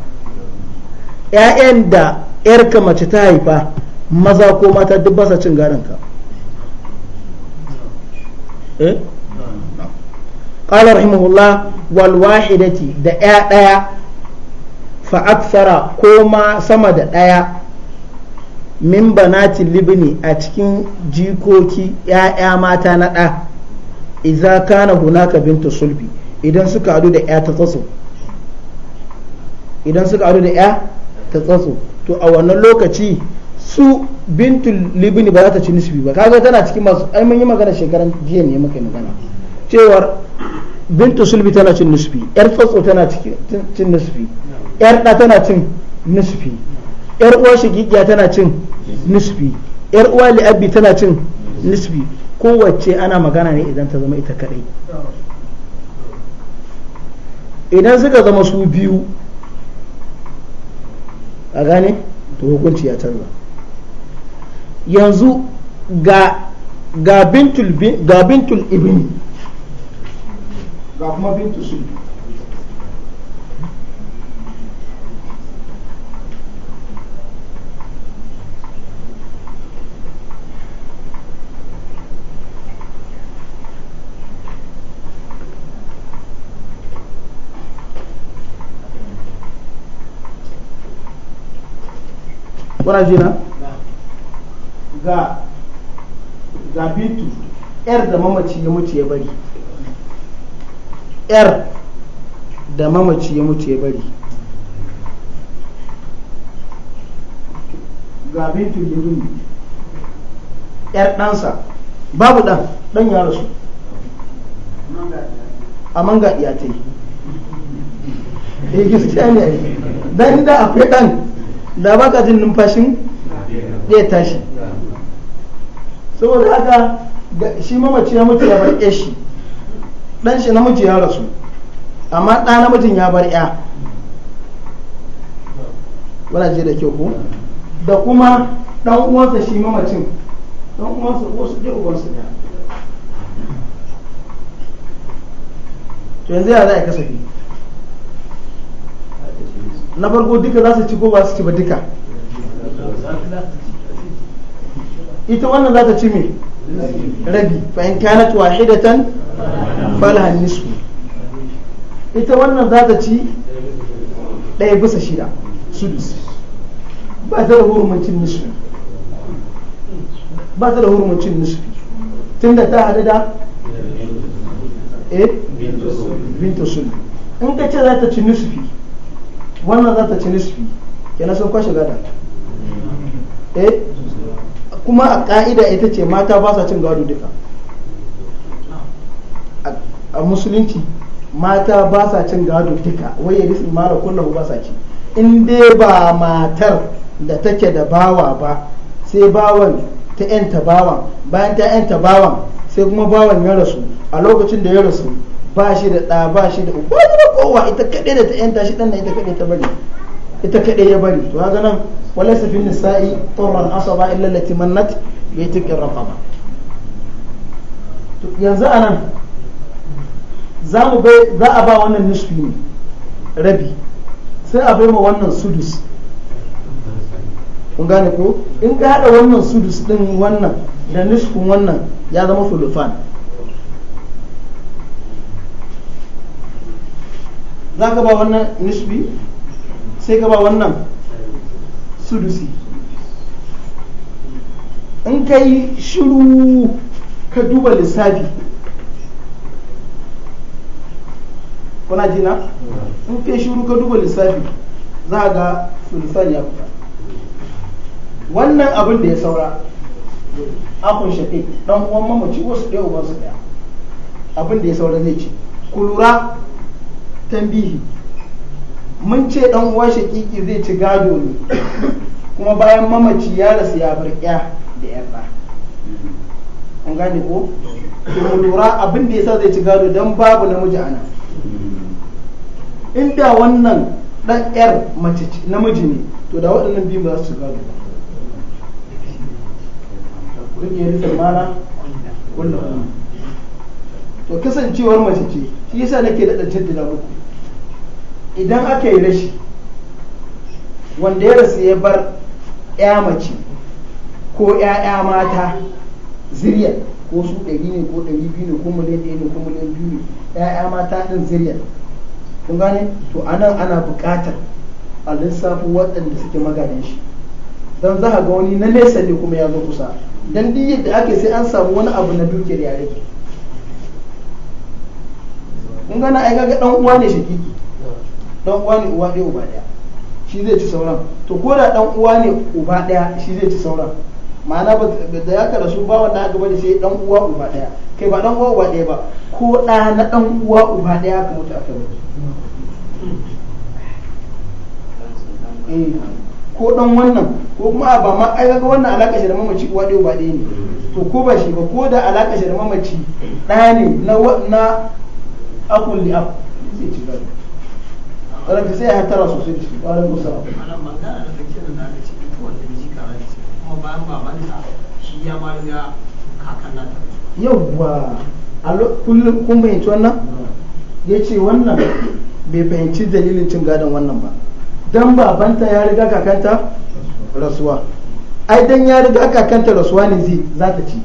'ya'yan da 'yarka mace ta haifa maza ko mata duk ba sa cin gadon ka eh qala rahimahullah wal wahidati da 'ya daya fa ko ma sama da ɗaya min banati libni a cikin jikoki 'ya'ya mata na ɗa idza kana hunaka bintu sulbi idan suka hadu da 'ya ta tsaso idan suka hadu da 'ya ta tsatsu to a wannan lokaci su bintu libini ba za ta ci nisbi ba kaga tana cikin masu ai mun yi magana shekaran jiya ne muka yi magana cewar bintu sulbi tana cin nisbi yar tsatsu tana cin nisbi yar da tana cin nisbi yar uwa shagigiya tana cin nisbi yar uwa li'abbi tana cin nisbi kowace ana magana ne idan ta zama ita kadai idan suka zama su biyu a gane to hukunci ya canza yanzu ga bintul ibini ga kuma bintul sulbi kuna jina ga ga bintu yar da mamaci ya mutu ya bari yar da mamaci ya mutu ya bari ga bintu libni yar ɗansa babu ɗan ɗan ya rasu a manga iyatai ta yi eh, ne dan da akwai ɗan da ba ka jin numfashin zai tashi saboda haka shi mamaci ya mutu ya bar ya shi dan shi namiji ya rasu amma ɗa namijin ya bar ya wala je da kyau ko da kuma dan uwansa shi mamacin dan uwansa ko su je uwansa ya to yanzu ya za a kasafi na farko duka za su ci ko ba su ci ba duka ita wannan za ta ci me rabi fa in kanat wahidatan falaha nisfu ita wannan za ta ci ɗaya bisa shida sudus ba ta da hurumancin nisfu ba ta da hurumancin nisfu tunda ta hada da eh bintu in ka ce za ta ci nisfi wannan zata ci nisfi kenan sun kwashe gada eh kuma a ka'ida ita ce mata ba sa cin gado duka a musulunci mata ba sa cin gado duka wai ya risi mara kullum ba sa ci in dai ba matar da take da bawa ba sai bawan ta yanta bawan bayan ta yanta bawan sai kuma bawan ya rasu a lokacin da ya rasu ba shi da ɗa ba shi da uba da kowa ita kaɗai da ta yanta shi ɗan ita kaɗai ta bari ita kaɗai ya bari to haka nan wala safin nisa'i turran asaba illa lati mannat bi tikir raqaba to yanzu anan za mu bai za a ba wannan nisfi ne rabi sai a bai ma wannan sudus kun gane ko in ka da wannan sudus din wannan da nisfin wannan ya zama sulufan za ka ba wannan nisbi sai ka ba wannan sudusi in ka yi shiru ka duba lissafi kuna jina in ka yi shiru ka duba lissafi za a ga sudusan ya fita wannan abin da ya saura akun shaƙi ɗan uwan mamaci wasu ɗaya uban su ɗaya abin da ya saura zai ce ku lura tambihi mun ce dan uwa shakiki zai ci gado ne kuma bayan mamaci ya rasu ya bar ya da ya ba an gane ko to mu lura abin da yasa zai ci gado dan babu namiji ana inda wannan dan yar mace namiji ne to da waɗannan biyu ba za su ci gado ba kungiyar rufin mara kullum to kasancewar mace ce shi yasa nake da dan jaddada muku idan aka yi rashi wanda ya rasu ya bar ya mace ko ya mata zirya ko su ɗari ne ko ɗari biyu ne ko miliyan ɗaya ne ko miliyan biyu ne ya mata ɗin zirya kun gane to anan ana buƙatar a lissafi waɗanda suke maganin shi don za a ga wani na nesa ne kuma ya zo kusa don duk yadda ake sai an samu wani abu na dukiyar yare kun gana ai ga ɗan uwa ne shakiki dan uwa ne uwa ɗaya uba ɗaya shi zai ci sauran to ko da dan uwa ne uba ɗaya shi zai ci sauran ma'ana da ya kada su ba wanda aka bari sai dan uwa uba ɗaya kai ba dan uwa uba ɗaya ba ko ɗa na dan uwa uba ɗaya ka mutu a kai eh, ko dan wannan ko kuma a ba ma ai ga wannan alaka shi da mamaci uwa ɗaya uba ɗaya ne to ko ba shi ba ko da alaka shi da mamaci ɗaya ne na na akulli ab zai ci gaba ranka sai ya tara sosai da shi ƙwarin musa malam da zakirin da aka ce ita wanda da jika kuma bayan babanta shi ya ma riga kakan nata yawwa a kullum kun fahimci wannan ya ce wannan bai fahimci dalilin cin gadon wannan ba dan babanta ya riga kakanta rasuwa ai dan ya riga kakanta rasuwa ne zai za ta ci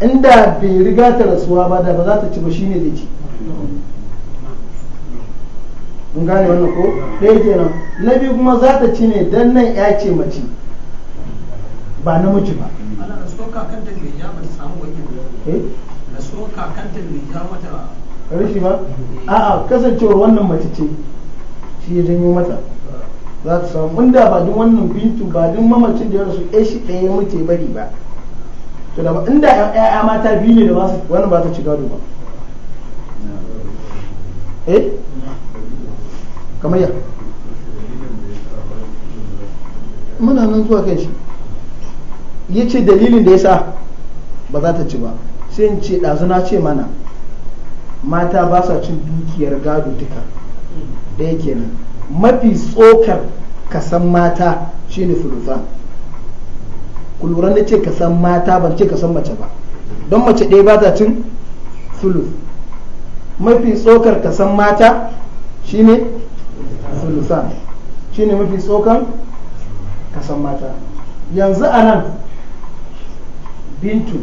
inda bai riga ta rasuwa ba da ba za ta ci ba shine zai ci kun gane wannan ko ɗaya kenan na biyu kuma za ta ci ne dan nan ya ce mace ba namiji ba ana da soka kan ta mai mata samu wakil da soka kan ta mai ja mata rashi ba a'a kasancewar wannan mace ce shi ya janyo mata za ta samu inda ba duk wannan bintu ba duk mamacin da ya rasu ɗaya shi ɗaya mace bari ba to da inda ƴaƴa mata biyu ne da ba wannan ba ta ci gado ba eh kamar ya muna nan zuwa kan shi ya ce dalilin da ya sa ba za ta ci ba sai in ce na ce mana mata ba sa cin dukiyar gado duka da yake nan mafi tsokar kasan mata shine fulufa ku na ce kasan mata ban ce kasan mace ba don mace ɗaya ba ta cin fuluf mafi tsokar kasan mata shine shi ne mafi tsokan kasan mata yanzu a nan bintu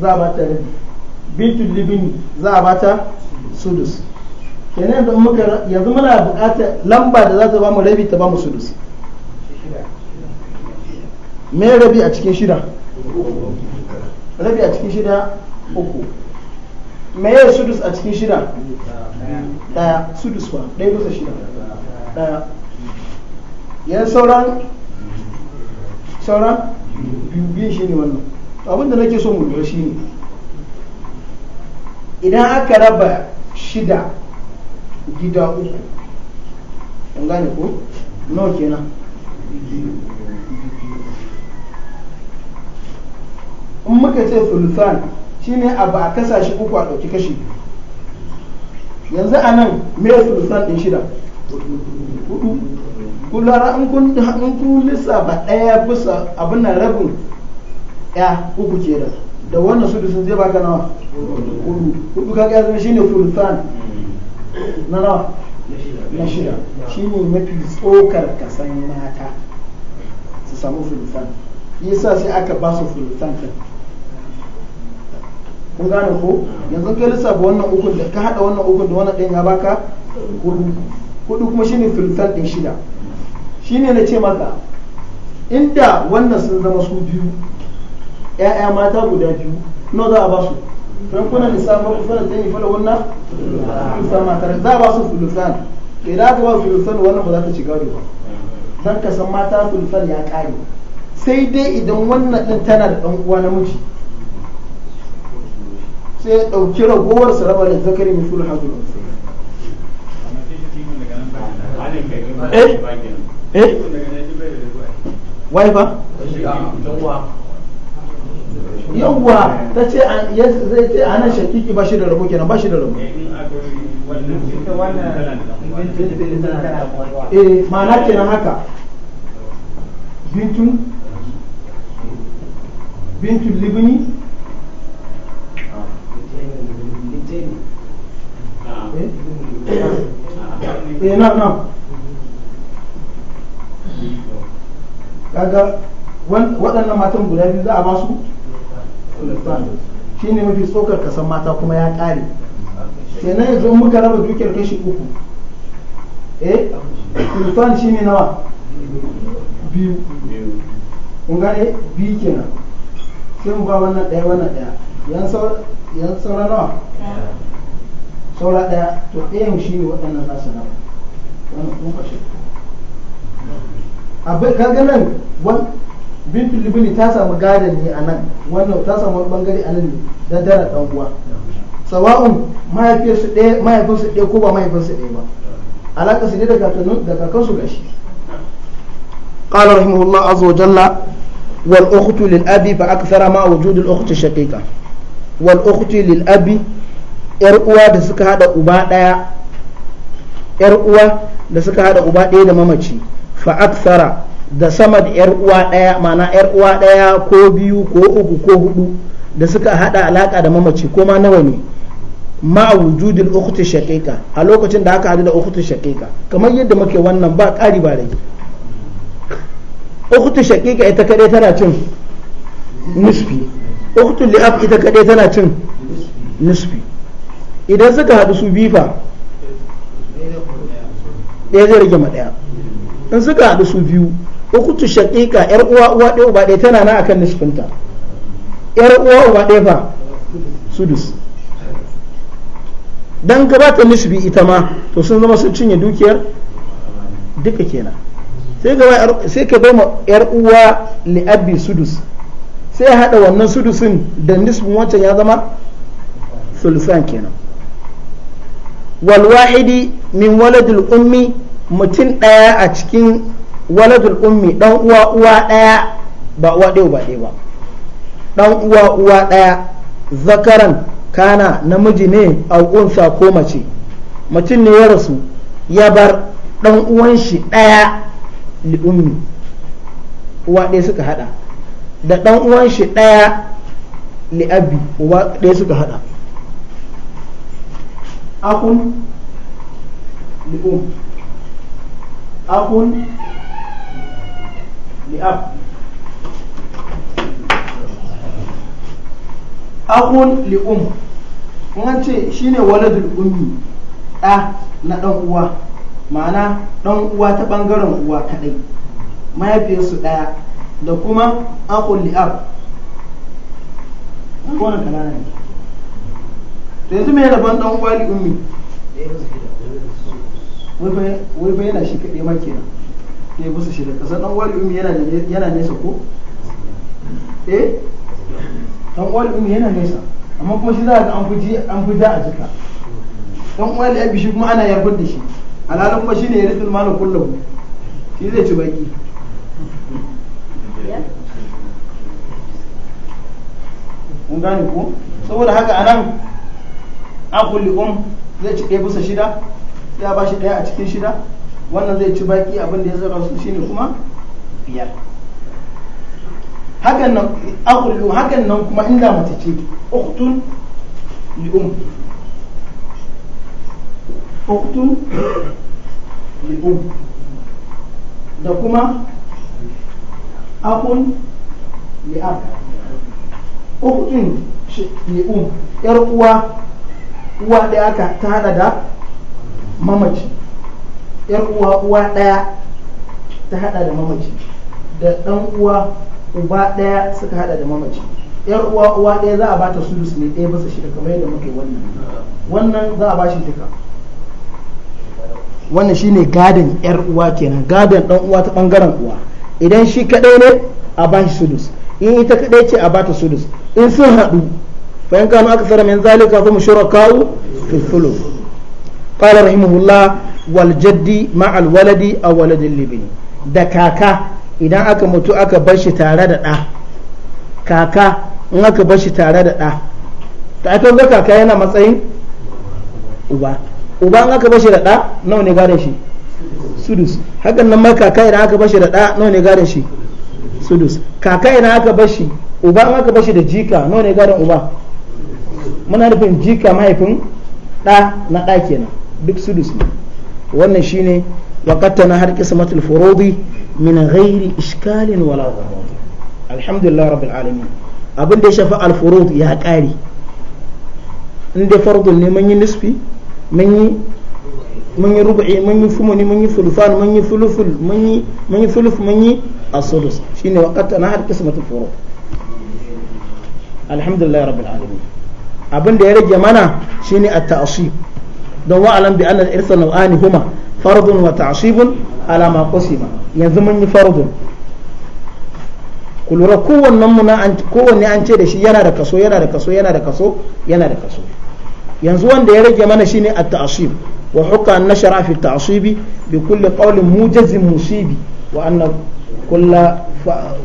za a ba ta rabi bintu libini za a ta sudus kenan da muka yanzu muna buƙatar lamba da za ta mu rabi ta ba mu sudus me rabi a cikin shida rabi a cikin shida uku me ya sudus a cikin shida daya sudus ba ɗaya bisa shida daya yan sauran sauran biyu shi ne wannan abinda nake so mu lura shi ne idan aka raba shida gida uku an gane ko nawa kenan in muka ce sulfan shine abu a kasa shi uku a ɗauki kashi yanzu a nan me sulusan ɗin shida hudu kullara in kun in kun ba ɗaya bisa abin nan rabin ya uku ke da da wannan sun zai baka nawa hudu hudu kaga ya zama shine sulusan na nawa na shida shi ne mafi tsokar kasan mata su samu sulusan yasa sai aka ba su sulusan ɗin kun gane ko yanzu kai lissafa wannan ukun da ka hada wannan ukun da wannan ɗin ya baka hudu hudu kuma shine filtar ɗin shida shine na ce maka inda wannan sun zama su biyu ya'ya mata guda biyu no za a ba su don kuna lissafa ku fara tsaye fara wannan filtan matar za a ba su filtan idan aka ba filtan wannan ba za ta ci gado ba zan ka san mata filtar ya kare sai dai idan wannan ɗin tana da ɗan uwa namiji sai ya ɗauki ragowar saraba da zakari mai sulhu hajji eh eh wai ba yawwa ta ce zai ce ana shakiki ba shi da rabo kenan ba shi da rabo eh ma'ana kenan haka bintun bintun libni eh, eh kaga waɗannan matan guda biyu za a ba su shi ne mafi tsokar kasan mata kuma ya ƙare kenan yanzu muka raba dukiyar kashi uku eh sultan shi ne nawa biyu kun gane biyu kenan sai mu ba wannan ɗaya wannan ɗaya yan sauran nawa saura ɗaya to ɗayan shi ne waɗannan za su raba wannan kun fashe abin kaga nan bin filibini ta samu a nan wannan ta samu wani bangare a nan ne don dara ɗan uwa sawa'un mahaifinsu ɗaya mahaifinsu ɗaya ko ba mahaifinsu ɗaya ba alaƙa su ne da kakannin da kakansu gashi قال رحمه الله عز وجل والأخت للأب فأكثر مع وجود الأخت الشقيقة والأخت للأب yar uwa da suka hada uba daya yar uwa da suka hada uba daya da mamaci fa aksara da sama da yar uwa daya mana yar uwa daya ko biyu ko uku ko hudu da suka hada alaka da mamaci ko ma nawa ne ma wujudil ukhti shaqiqa a lokacin da aka hadu da ukhti shaqiqa kamar yadda muke wannan ba ƙari ba rage ukhti shaqiqa ita kade tana cin nisfi ukhti li'ab ita kade tana cin nisfi idan suka haɗu su bifa ɗaya zai rage ma ɗaya in suka haɗu su biyu tu shaƙiƙa yar uwa uwa ɗaya uba ɗaya tana na a kan nisfinta yar uwa uba ɗaya fa sudus don gabata nisbi ita ma to sun zama sun cinye dukiyar duka kenan sai ka bai ma yar uwa li'abbi sudus sai haɗa wannan sudusin da nisbin wancan ya zama sulusan kenan walwahidi min waladul ummi mutum ɗaya a cikin waladul ummi ɗan uwa uwa ɗaya ba uwa ɗaya ba ɗaya ba ɗan uwa uwa ɗaya zakaran kana namiji ne a unsa ko mace mutum ne ya rasu ya bar ɗan uwan shi ɗaya li ummi uwa ɗaya suka hada da ɗan uwan shi ɗaya li abi uwa ɗaya suka hada akun li'um akun li'ab akun li'um kun ce shine waladul ummi ɗa na ɗan uwa ma'ana ɗan uwa ta ɓangaren uwa kaɗai mahaifiyarsu ɗaya da kuma akun li'ab wannan kanana ne to yanzu mai rabon dan kwali ummi wai bai yana shi kaɗai ma na ya busa shi da ƙasa dan kwali ummi yana nesa ko eh dan kwali ummi yana nesa amma kuma shi za a an fi an fi a jika dan kwali abi shi kuma ana yarbar da shi alhalin kuma ne ya rufin malam kullum shi zai ci baki kun gane ko saboda haka anan an kulli um zai ci ɗaya bisa shida ya ba shi ɗaya a cikin shida wannan zai ci baki abin da ya zara su shine kuma biyar hakan nan um hakan nan kuma inda mace ce uktun li um uktun li um da kuma akun li ab uktun li um yar uwa uwa ɗaya aka ta hada da mamaci yar uwa uwa ɗaya ta hada da mamaci da ɗan uwa uba ɗaya suka hada da mamaci yar uwa uwa ɗaya za a ba ta sulus ne ɗaya bisa shida kamar yadda muke wannan wannan za a ba shi duka wannan shine gadon yar uwa kenan gadon dan uwa ta bangaren uwa idan shi kadai ne a ba shi sulus in ita kadai ce a ba ta sulus in sun haɗu فإن كانوا أكثر من ذلك فهم شركاء في الثلث قال رحمه الله والجد مع الولد أو ولد الابن shi إذا أكا متو أكا بش تارد أه كاكا tare أكا ɗa. تارد أه ga kaka هنا matsayin? uba uba in aka shi da ɗa nawa ne gadon shi sudus hakan nan ma kaka idan aka shi da ɗa nawa ne gadon shi sudus kaka idan aka bashi uba in aka shi da jika nawa ne gadon uba muna nufin jika mahaifin ɗa na ɗa kenan duk sudus ne wannan shine waqatta na har qismatul furudi min ghairi iskalin wala ghamud alhamdulillah rabbil alamin abin da ya shafi al furud ya kare in dai fardun ne mun yi nisfi mun yi mun yi rubu'i mun yi fumuni mun yi fulfan mun yi fuluful mun yi mun yi fuluf mun yi as-sudus shine waqatta na har qismatul furud alhamdulillah rabbil alamin abin da ya rage mana shine a tasib don wa'alam bi anna al-irsa naw'ani huma fardun wa ta'sibun ala ma qasima yanzu mun yi fardun kulura lura mu na kowanne an ce da shi yana da kaso yana da kaso yana da kaso yana da kaso yanzu wanda ya rage mana shine at-ta'sib wa hukka an nashara fi at-ta'sib bi kulli qawlin mujazim musibi wa anna kulla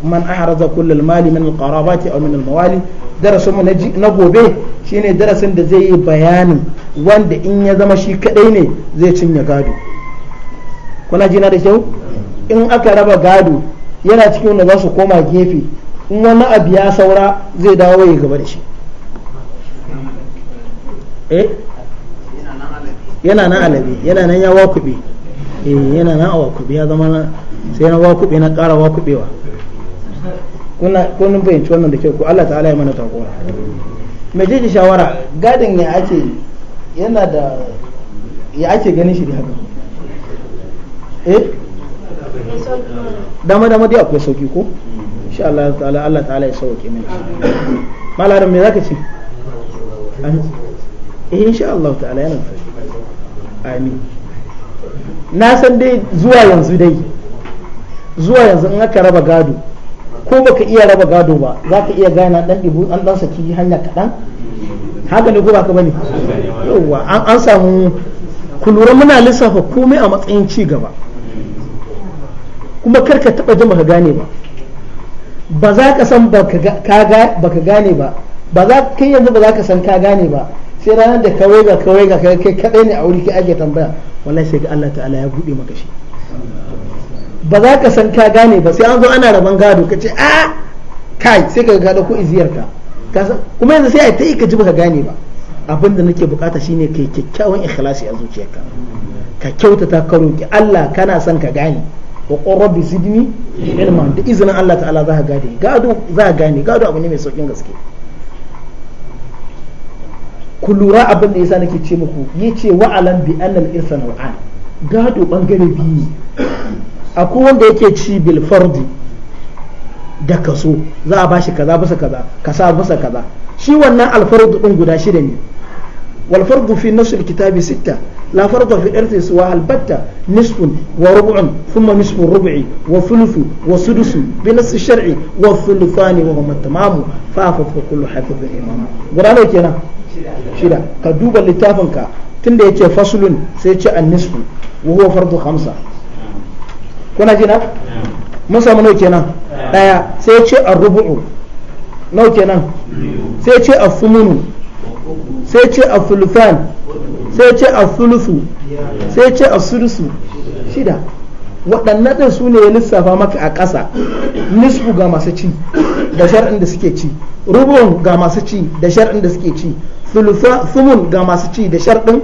man ahraza kull al-mali min al-qarabati aw min al-mawali darasu mu na gobe shine darasin da zai yi bayanin wanda in ya zama shi kadai ne zai cinye gado kuna jina da kyau in aka raba gado yana cikin wanda za su koma gefe in wani abu ya saura zai dawo ya gaba da shi eh? yana nan alabi yana nan ya wakube eh, yana nan a wakube ya zama sai na wakube na ƙara wakubewa kuna kunun fahimci wannan da kyau ko Allah ta'ala ya mana takora mai jeji shawara gadin ya ake yana da ya ake ganin shi da haka eh dama dama dai akwai sauki ko insha Allah ta'ala Allah ta'ala ya sauke mana malaran me zaka ce eh insha Allah ta'ala yana da amin na san dai zuwa yanzu dai zuwa yanzu in aka raba gado ko baka iya raba gado ba za ka iya gana dan ibu an dan saki hanya kaɗan haka ne ko ba ka bane yawa an samu ku lura muna lissafa komai a matsayin ci gaba kuma kar ka taba jin baka gane ba ba za ka san ba baka gane ba ba za kai yanzu ba za ka san ka gane ba sai ranar da ka waiga ka waiga kai kadai ne a wuri ki ake tambaya wallahi sai ga Allah ta'ala ya bude maka shi ba za ka san ka gane ba sai an zo ana rabon gado ka ce a ah, kai sai ka gado ko iziyar ka kuma yanzu sai a ta yi ka ji ba ka gane ba abinda da nake bukata shine kai kyakkyawan ikhlasi a zuciyarka ka kyautata karo ki Allah kana son ka gane wa bi zidni ilman da izinin Allah ta'ala za ka gane gado za ka gane gado abu ne mai saukin gaske ku lura abin da yasa nake ce muku yace wa'alan bi annal irsa gado bangare biyu akwai wanda yake ci bil fardi da kaso za a bashi kaza bisa kaza kasa bisa kaza shi wannan alfardu din guda shida ne wal fardu fi nasul kitabi sitta la farda fi irthi suwa albatta nisfun wa rub'un thumma nisfu rub'i wa thuluthu wa sudusu bi nas shar'i wa thuluthani wa huma tamamu fa fa kullu hafizun imam guda ne kenan shida ka duba littafin ka tunda yace faslun sai yace an nisfu wa huwa fardu khamsa kuna jina mun samu nau kenan daya sai ce a rubu'u nau kenan sai ce a fulunu sai ce a fulfan sai ce a sulusu sai ce a sulusu shida waɗannan ɗin su ne ya lissafa maka a ƙasa nisfu ga masu ci da shar'in da suke ci rubun ga masu ci da shar'in da suke ci sumun ga masu ci da shar'in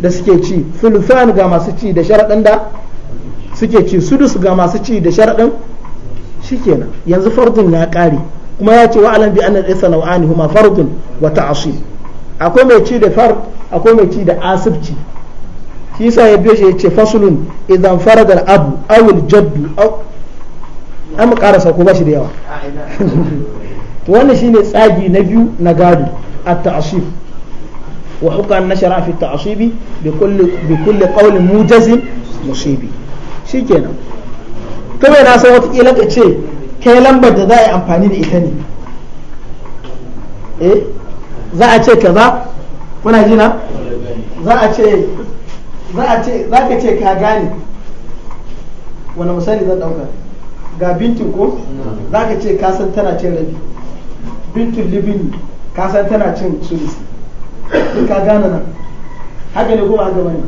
da suke ci Fulufan ga masu ci da shar'in da suke ci sudus ga masu ci da sharaɗin shikenan yanzu fardun ya ƙare kuma ya ce wa alam bi annal ithna wa anihuma fardun wa ta'sib akwai mai ci da far akwai mai ci da asibci shi yasa ya biyo ya ce fasulun idan faradar abu awul jaddu an mu karasa ko ba shi da yawa to wannan shine tsagi na biyu na gado a ta'sib wa na nashara fi ta'sibi bi kulli qawlin mujazin musibi shikenan kawai na san kila ka ce kai lambar da za a yi amfani da ita ne eh za a ce kaza kuna jina za a ce za a ce za ka ce ka gane wani misali zan dauka ga bintu ko za ka ce ka san tana cin rabi bintu libini ka san tana cin sulisi in ka gane nan haka ne kuma haka bane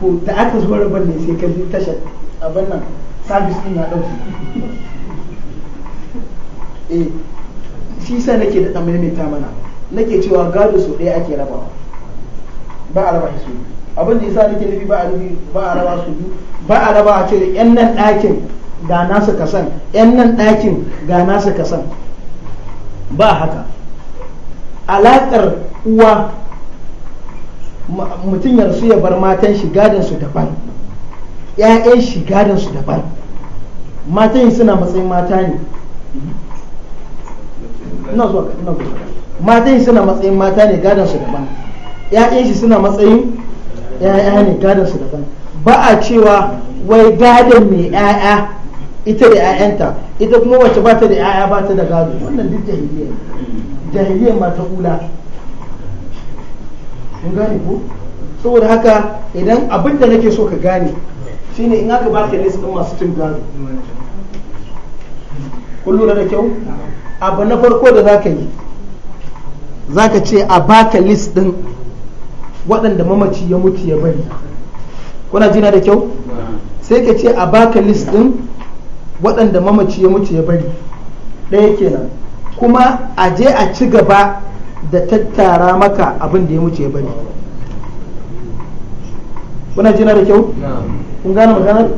ko da aka zuwa rabon ne sai ka ji tashar abin nan sabis din ya dauki eh shi sa nake da mai mana nake cewa gado so ɗaya ake rabawa ba a raba su abin da yasa nake nufi ba a nufi ba a raba su ba a raba a ce yan nan ɗakin ga nasu kasan yan nan ɗakin ga nasu kasan ba haka alaƙar uwa mutum ya ya bar matan shi gadon su daban 'ya'yan shi gadon su daban matan yi suna matsayin mata ne ina zuwa ina zuwa matan suna matsayin mata ne gadon su daban 'ya'yan shi suna matsayin 'ya'ya ne gadon su daban ba a cewa wai gadon mai 'ya'ya ita da 'ya'yanta ita kuma wacce ba ta da 'ya'ya ba ta da gado wannan duk jahiliya jahiliya ba ta kula kun gane ko saboda haka idan abin da nake so ka gane shine in aka baka list din masu cin gado kun da kyau abu na farko da zaka yi zaka ce a baka list din waɗanda mamaci ya mutu ya bari kuna jina da kyau sai ka ce a baka list din waɗanda mamaci ya mutu ya bari ɗaya kenan kuma a je a ci gaba da tattara maka abin da ya mutu ya bari kuna jina da kyau kun gane magana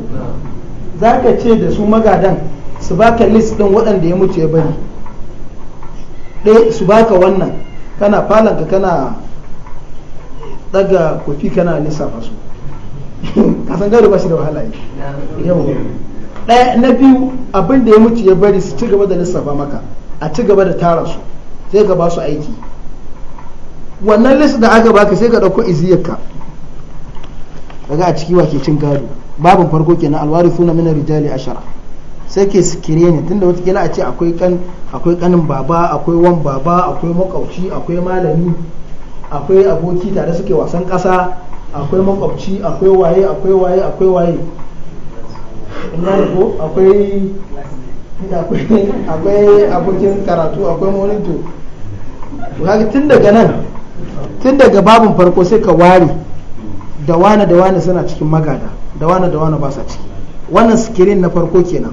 za ka ce da su magadan su baka list ɗin waɗanda ya mutu ya bari ɗaya su baka wannan kana falanka kana daga kofi kana lissafa su kasan gari ba shi da wahala yi yau ɗaya na biyu abin da ya mutu ya bari su ci gaba da lissafa maka a ci gaba da tara su sai ka ba su aiki wannan list da aka baka sai ka ɗauko iziyarka kaga a ciki wake cin gado babin farko kenan alwari suna mina rijali ashara sai ke sikire ne tunda watakila a ce akwai kan akwai kanin baba akwai wan baba akwai makauci akwai malami akwai aboki tare suke wasan kasa akwai makwabci akwai waye akwai waye akwai waye ina da ko akwai akwai abokin karatu akwai monito tun daga nan tun daga babin farko sai ka ware da wane da wane suna cikin magada da wane da wane ba sa ciki wannan sikirin na farko kenan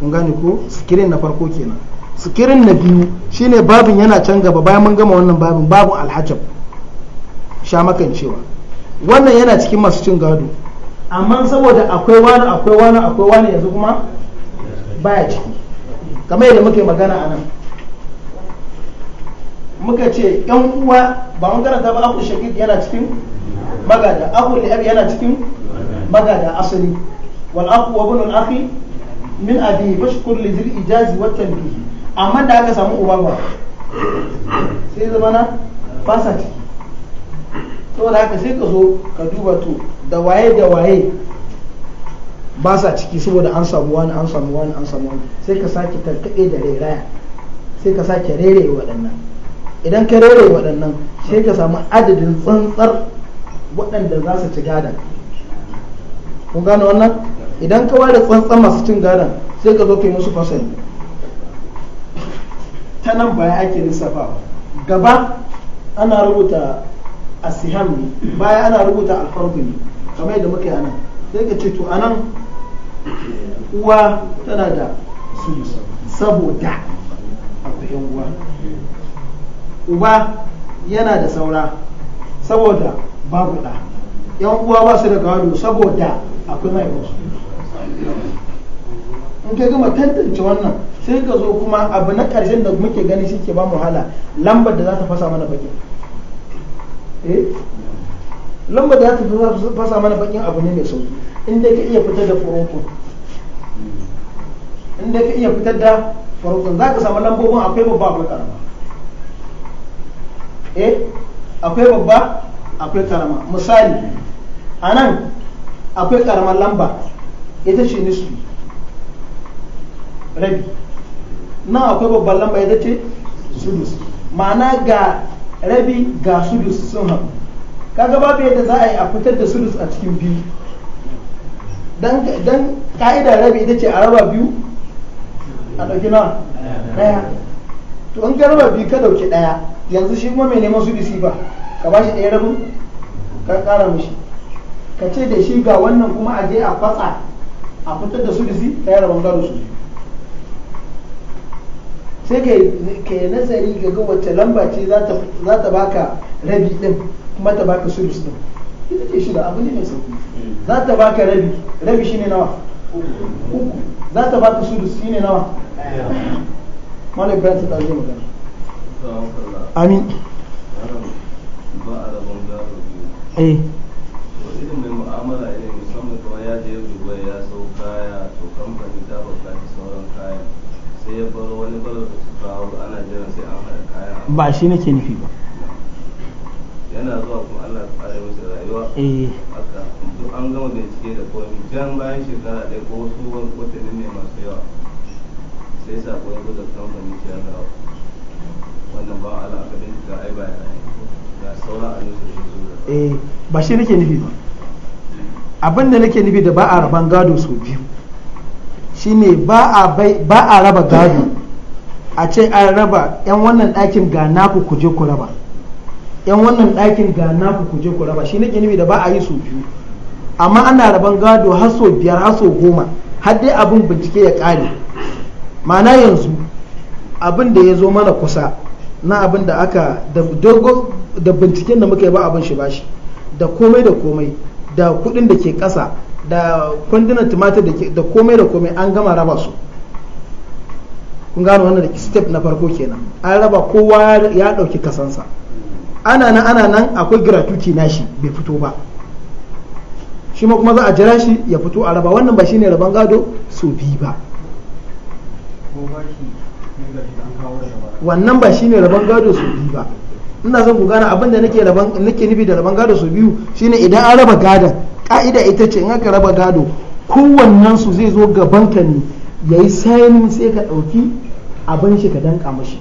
kun gane ko sikirin na farko kenan sikirin na biyu shine babin yana can gaba bayan mun gama wannan babin babin alhajab sha makan cewa wannan yana cikin masu cin gado amma saboda akwai wani akwai wani akwai wani yanzu kuma baya ciki kamar yadda muke magana a nan muka ce yan uwa ba mun karanta ba abu shakid yana cikin magada aku li'ab yana cikin magada asali wal aqu wa bunul akhi min abi bashkur li dil ijaz wa tanbih amma da aka samu uba ba sai zama na fasa ciki saboda haka sai ka zo ka duba to da waye da waye ba sa ciki saboda an samu wani an samu wani an samu wani sai ka sake tarkaɗe da rairaya sai ka sake rairaya waɗannan idan ka rere waɗannan sai ka samu adadin tsantsar waɗanda za su ci gadon kun gano wannan idan ka ware tsantsar masu cin gadon sai ka zo ka yi musu fasali ta nan baya ake lissafa gaba ana rubuta asiham ne baya ana rubuta alfardu ne kamar yadda muka yi anan sai ka ce to anan uwa tana da saboda a uwa uba yana da saura saboda babu da yan uwa ba su da gado saboda akwai musu in ka gama tantance wannan sai ka zo kuma abu na ƙarshen da muke gani shi ke ba mu hala lambar da za ta fasa mana bakin eh lambar da za ta fasa mana bakin abu ne mai sauki inda ka iya fitar da furokun inda ka iya fitar da furokun za ka samu lambobin akwai babba akwai karama eh akwai babba akwai karama misali anan akwai karamar lamba ita ce nisfi rabi nan akwai babban lamba ita ce sudus ma'ana ga rabi ga sudus sun hau kaga babu yadda za a yi a fitar da sudus a cikin biyu don ka'ida rabi ita ce a raba biyu a ɗauki nawa ɗaya to in ka raba biyu ka ɗauki ɗaya yanzu shi kuma mai neman su disi ba ka ba shi ɗaya rabin ka ƙara mishi ka ce da shi ga wannan kuma a je a kwatsa a fitar da su disi ta yi rabon gado su sai ka yi nazari ga ga wacce lamba ce za ta baka rabi ɗin kuma ta baka su ɗin ita ce da abu ne mai sauƙi za ta baka rabi rabi shine nawa uku za ta ka su shine nawa malam ibrahim ta zai magana amin eh. ba shi nake nufi ba yana zuwa kuma Allah ta tsare masa rayuwa eh. haka duk an gama bincike da komai jan bayan shekara ɗaya ko wasu watanni ne masu yawa sai sako ya kamfani ya dawo eh ba shi nake nufi ba abin da nake nufi da ba a raban gado su biyu shine ba a raba gado a ce an raba yan wannan ɗakin ga naku ku je ku raba yan wannan ɗakin ga naku ku je ku raba shi nake nufi da ba a yi su biyu amma ana raban gado har so biyar har so goma har dai abin bincike ya ƙare ma'ana yanzu abin da ya zo mana kusa na abin da aka da binciken da muka yi ba abin shi bashi da komai da komai da kudin da ke kasa da kwandunan tumatir da komai da komai an gama raba su kun gano wannan da step na farko kenan an raba kowa ya dauki kasansa ana nan ana nan akwai gratuity nashi bai fito ba shi ma kuma za a jira shi ya fito a raba wannan ba shine raban gado so biyu ba wannan ba shi ne rabon gado su biyu ba ina son ku gane abin da nake nake nufi da rabon gado su biyu shine idan an raba gadon ka'ida ita ce in aka raba gado kowannen su zai zo gaban ka ne yayi sayanin sai ka dauki abin shi ka danka mashi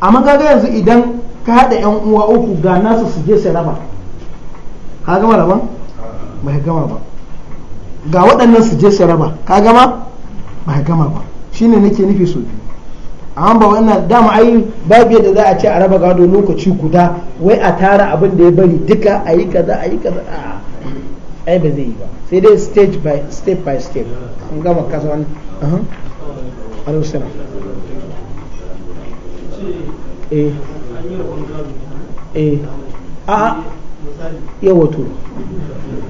amma kaga yanzu idan ka haɗa yan uwa uku ga nasu su je su raba ka gama raban ba ka gama ba ga waɗannan su je su raba ka gama ba ka gama ba shine nake nufi su biyu amma ba wannan dama ai babu yadda za a ce a raba gado lokaci guda wai a tara abin da ya bari duka a yi kaza a yi kaza a ai ba zai yi ba sai dai stage by step by step an gama kasa wani alusana eh eh a yau wato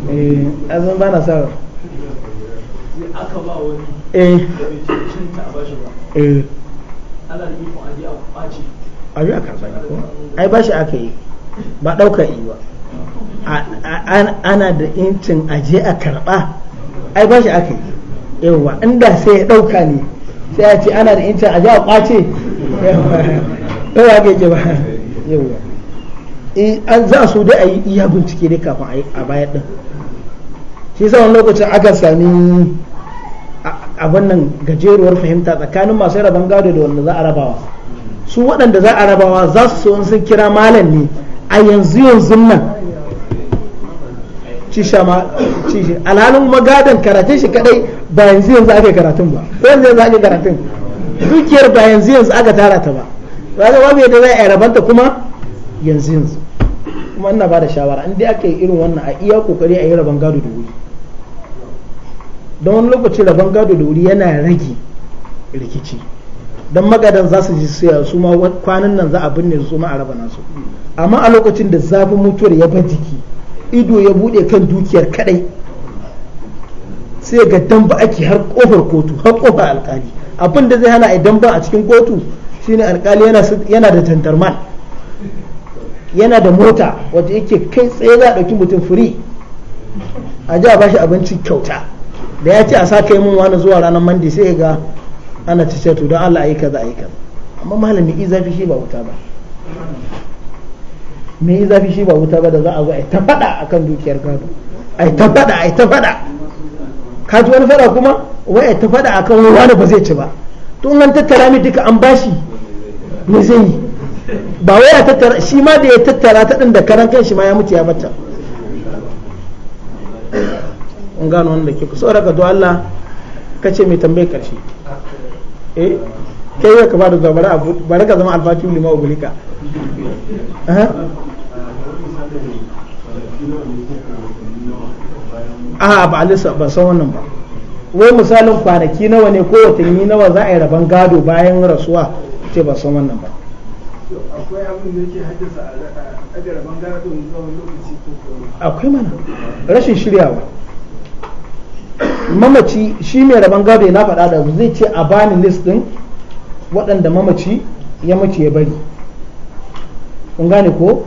eh azan ba na sa eh eh a biya karɓa ne ai ba shi aka yi ba ɗaukar yi ba ana da incin aje a karɓa ai ba shi aka yi yawwa inda sai ya ɗauka ne sai ya ce ana da incin aje a ƙwace yawwa ga ke ba yawwa e, an za su dai a yi iya bincike dai kafin a bayan ɗin shi sa wani lokacin akan sami a wannan gajeruwar fahimta tsakanin masu rabon gado da wanda za a rabawa su waɗanda za a rabawa za su so sun kira malam ne a yanzu yanzu nan ci kuma ci shi alhalin karatun shi kadai ba yanzu yanzu ake karatun ba ko yanzu yanzu ake karatun dukiyar ba yanzu yanzu aka tara ta ba ba ga babu yadda za a rabanta kuma yanzu yanzu kuma ina ba da shawara in dai aka yi irin wannan a iya kokari a yi rabon gado da wuri don wani lokacin rabon gado da wuri yana rage rikici don magadan za su ji su ma kwanan nan za a binne su ma a raba nasu amma a lokacin da zafin mutuwar ya bar jiki ido ya buɗe kan dukiyar kadai sai ga dan ba ake har kofar kotu har kofar alkali abin da zai hana idan ba a cikin kotu shine alkali yana da tantarman yana da mota wata yake kai tsaye za a ɗauki mutum firi a ji a bashi abinci kyauta da ya ce a sake mun wani zuwa ranar mandi sai ga ana cice to don Allah ayi kaza ayi kaza amma malami i zafi shi ba wuta ba me yi zafi shi ba wuta ba da za a zo a ta fada akan dukiyar gado a ta fada a ta fada ka ji wani fada kuma wai a ta fada akan wani ba zai ci ba tun an tattara mi duka an bashi me zai yi ba wai a tattara shi ma da ya tattara ta ɗin da karan kan shi ma ya mutu ya bata in gano wanda ke kusa daga do Allah ka ce mai tambayi karshe eh kai yi ka ba da zabara abu ka zama alfati lima ubulika a ba alisa ba san wannan ba wai misalin kwanaki nawa ne ko watanni nawa za a yi rabon gado bayan rasuwa ce ba san wannan ba akwai abin da haddasa a rabon gado akwai mana rashin shiryawa mamaci shi mai rabon gado na faɗa da zai ce a bani list din waɗanda mamaci ya mace ya bari kun gane ko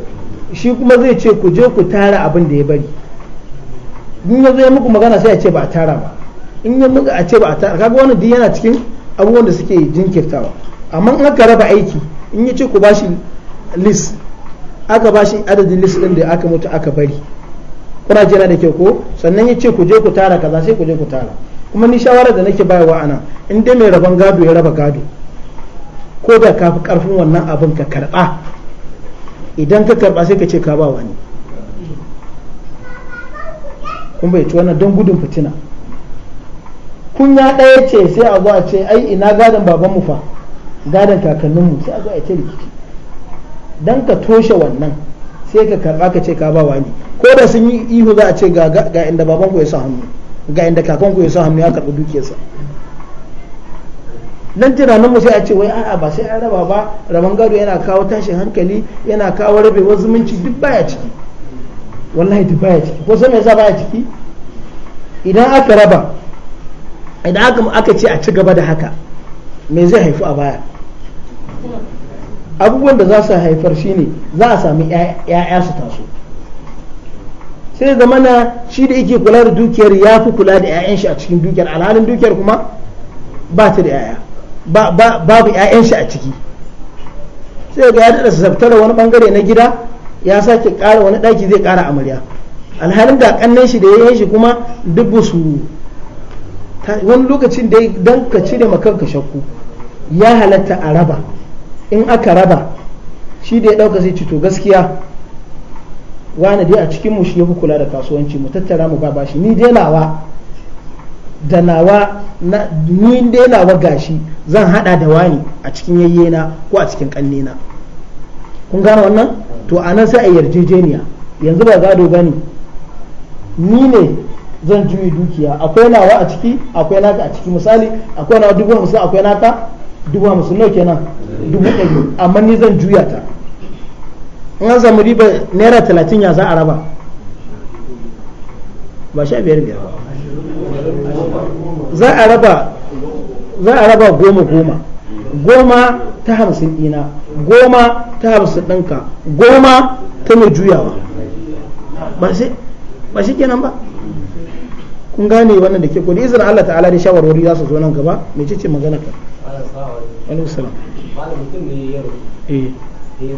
shi kuma zai ce ku je ku tara abin da ya bari in ya ya muku magana sai a ce ba a tara ba in ya muka a ce ba a tara kaga wani duk yana cikin abubuwan da suke jinkirtawa amma in aka raba aiki in ya ce ku bashi list aka bashi adadin list din da aka mutu aka bari kuna jira da ke ko sannan ya ce ku je ku tara kaza sai ku je ku tara kuma ni shawarar da nake bayarwa ana in dai mai rabon gado ya raba gado ko da ka fi karfin wannan abin ka karba idan ka karba sai ka ce ka ba wani kun bai ci wannan don gudun fitina kunya ɗaya ce sai a zuwa ce ai ina gadon mu fa gadon mu sai a zuwa ya ce rikici dan ka toshe wannan sai ka karba ka ce ka ba wani ko da sun yi ihu za a ce ga inda babanku ya sa hannu ga inda kakanku ya sa hannu ya karɓi dukiyarsa nan tunanin mu sai a ce wai a'a ba sai an raba ba raban gado yana kawo tashin hankali yana kawo rabewar zumunci duk baya ciki wallahi duk baya ciki ko sai me yasa baya ciki idan aka raba idan aka aka ce a ci gaba da haka me zai haifu a baya abubuwan da za su haifar shine za a sami 'ya'ya su taso sai zamana shi da yake kula da dukiyar ya fi kula da 'ya'yan shi a cikin dukiyar alhalin dukiyar kuma ba ta da 'ya'ya babu 'ya'yan shi a ciki sai ga ya daɗa zabtara wani bangare na gida ya sake kara wani daki zai kara amarya alhalin da kannan shi da ya shi kuma dubu su wani lokacin da dan ka cire makanka shakku ya halatta a raba in aka raba shi da ya dauka sai ci to gaskiya wani dai a cikin mu shi ya kula da kasuwanci mu tattara mu ba bashi ni dai nawa da nawa ni dai nawa gashi zan hada da wani a cikin yayyena ko a cikin kannena kun gane wannan to a nan sai a yarjejeniya yanzu ba gado gani ni ne zan juyi dukiya akwai nawa a ciki akwai naka a ciki misali akwai nawa dubu hamsin akwai naka dubu hamsin nawa kenan dubu ɗari amma ni zan juya ta in an samu riba naira talatin ya za a raba ba sha biyar biyar za a raba za a raba goma goma goma ta hamsin dina goma ta hamsin ɗinka goma ta mai juyawa ba shi kenan ba kun gane wannan da ke kudi izin Allah ta'ala da shawarwari za su zo nan gaba mai ce magana ka alaihi salam Eh,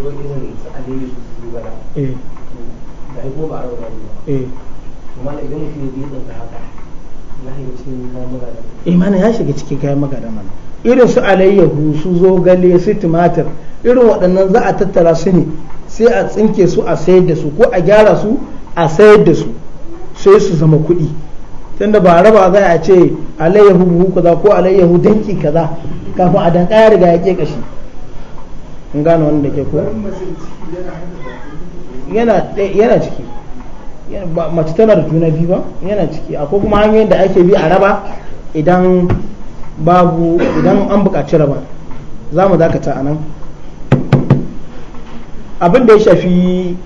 imanin eh. eh. ya shiga cikin kayan magana mana irin su alayyahu su zogale su tumatir irin waɗannan za a tattara su ne sai a tsinke su a sayar da su ko a gyara su a sayar da su sai su zama kuɗi tunda ba raba za a ce alayyahu buhu kaza ko alayyahu danki kaza kafin a danka ya riga ya ke kashi in gano wanda ke ko yana ciki mace tana da juna biyu ba yana ciki akwai kuma hanyoyin da ake bi a raba idan babu idan an buƙaci raba za mu dakata a nan abin da ya shafi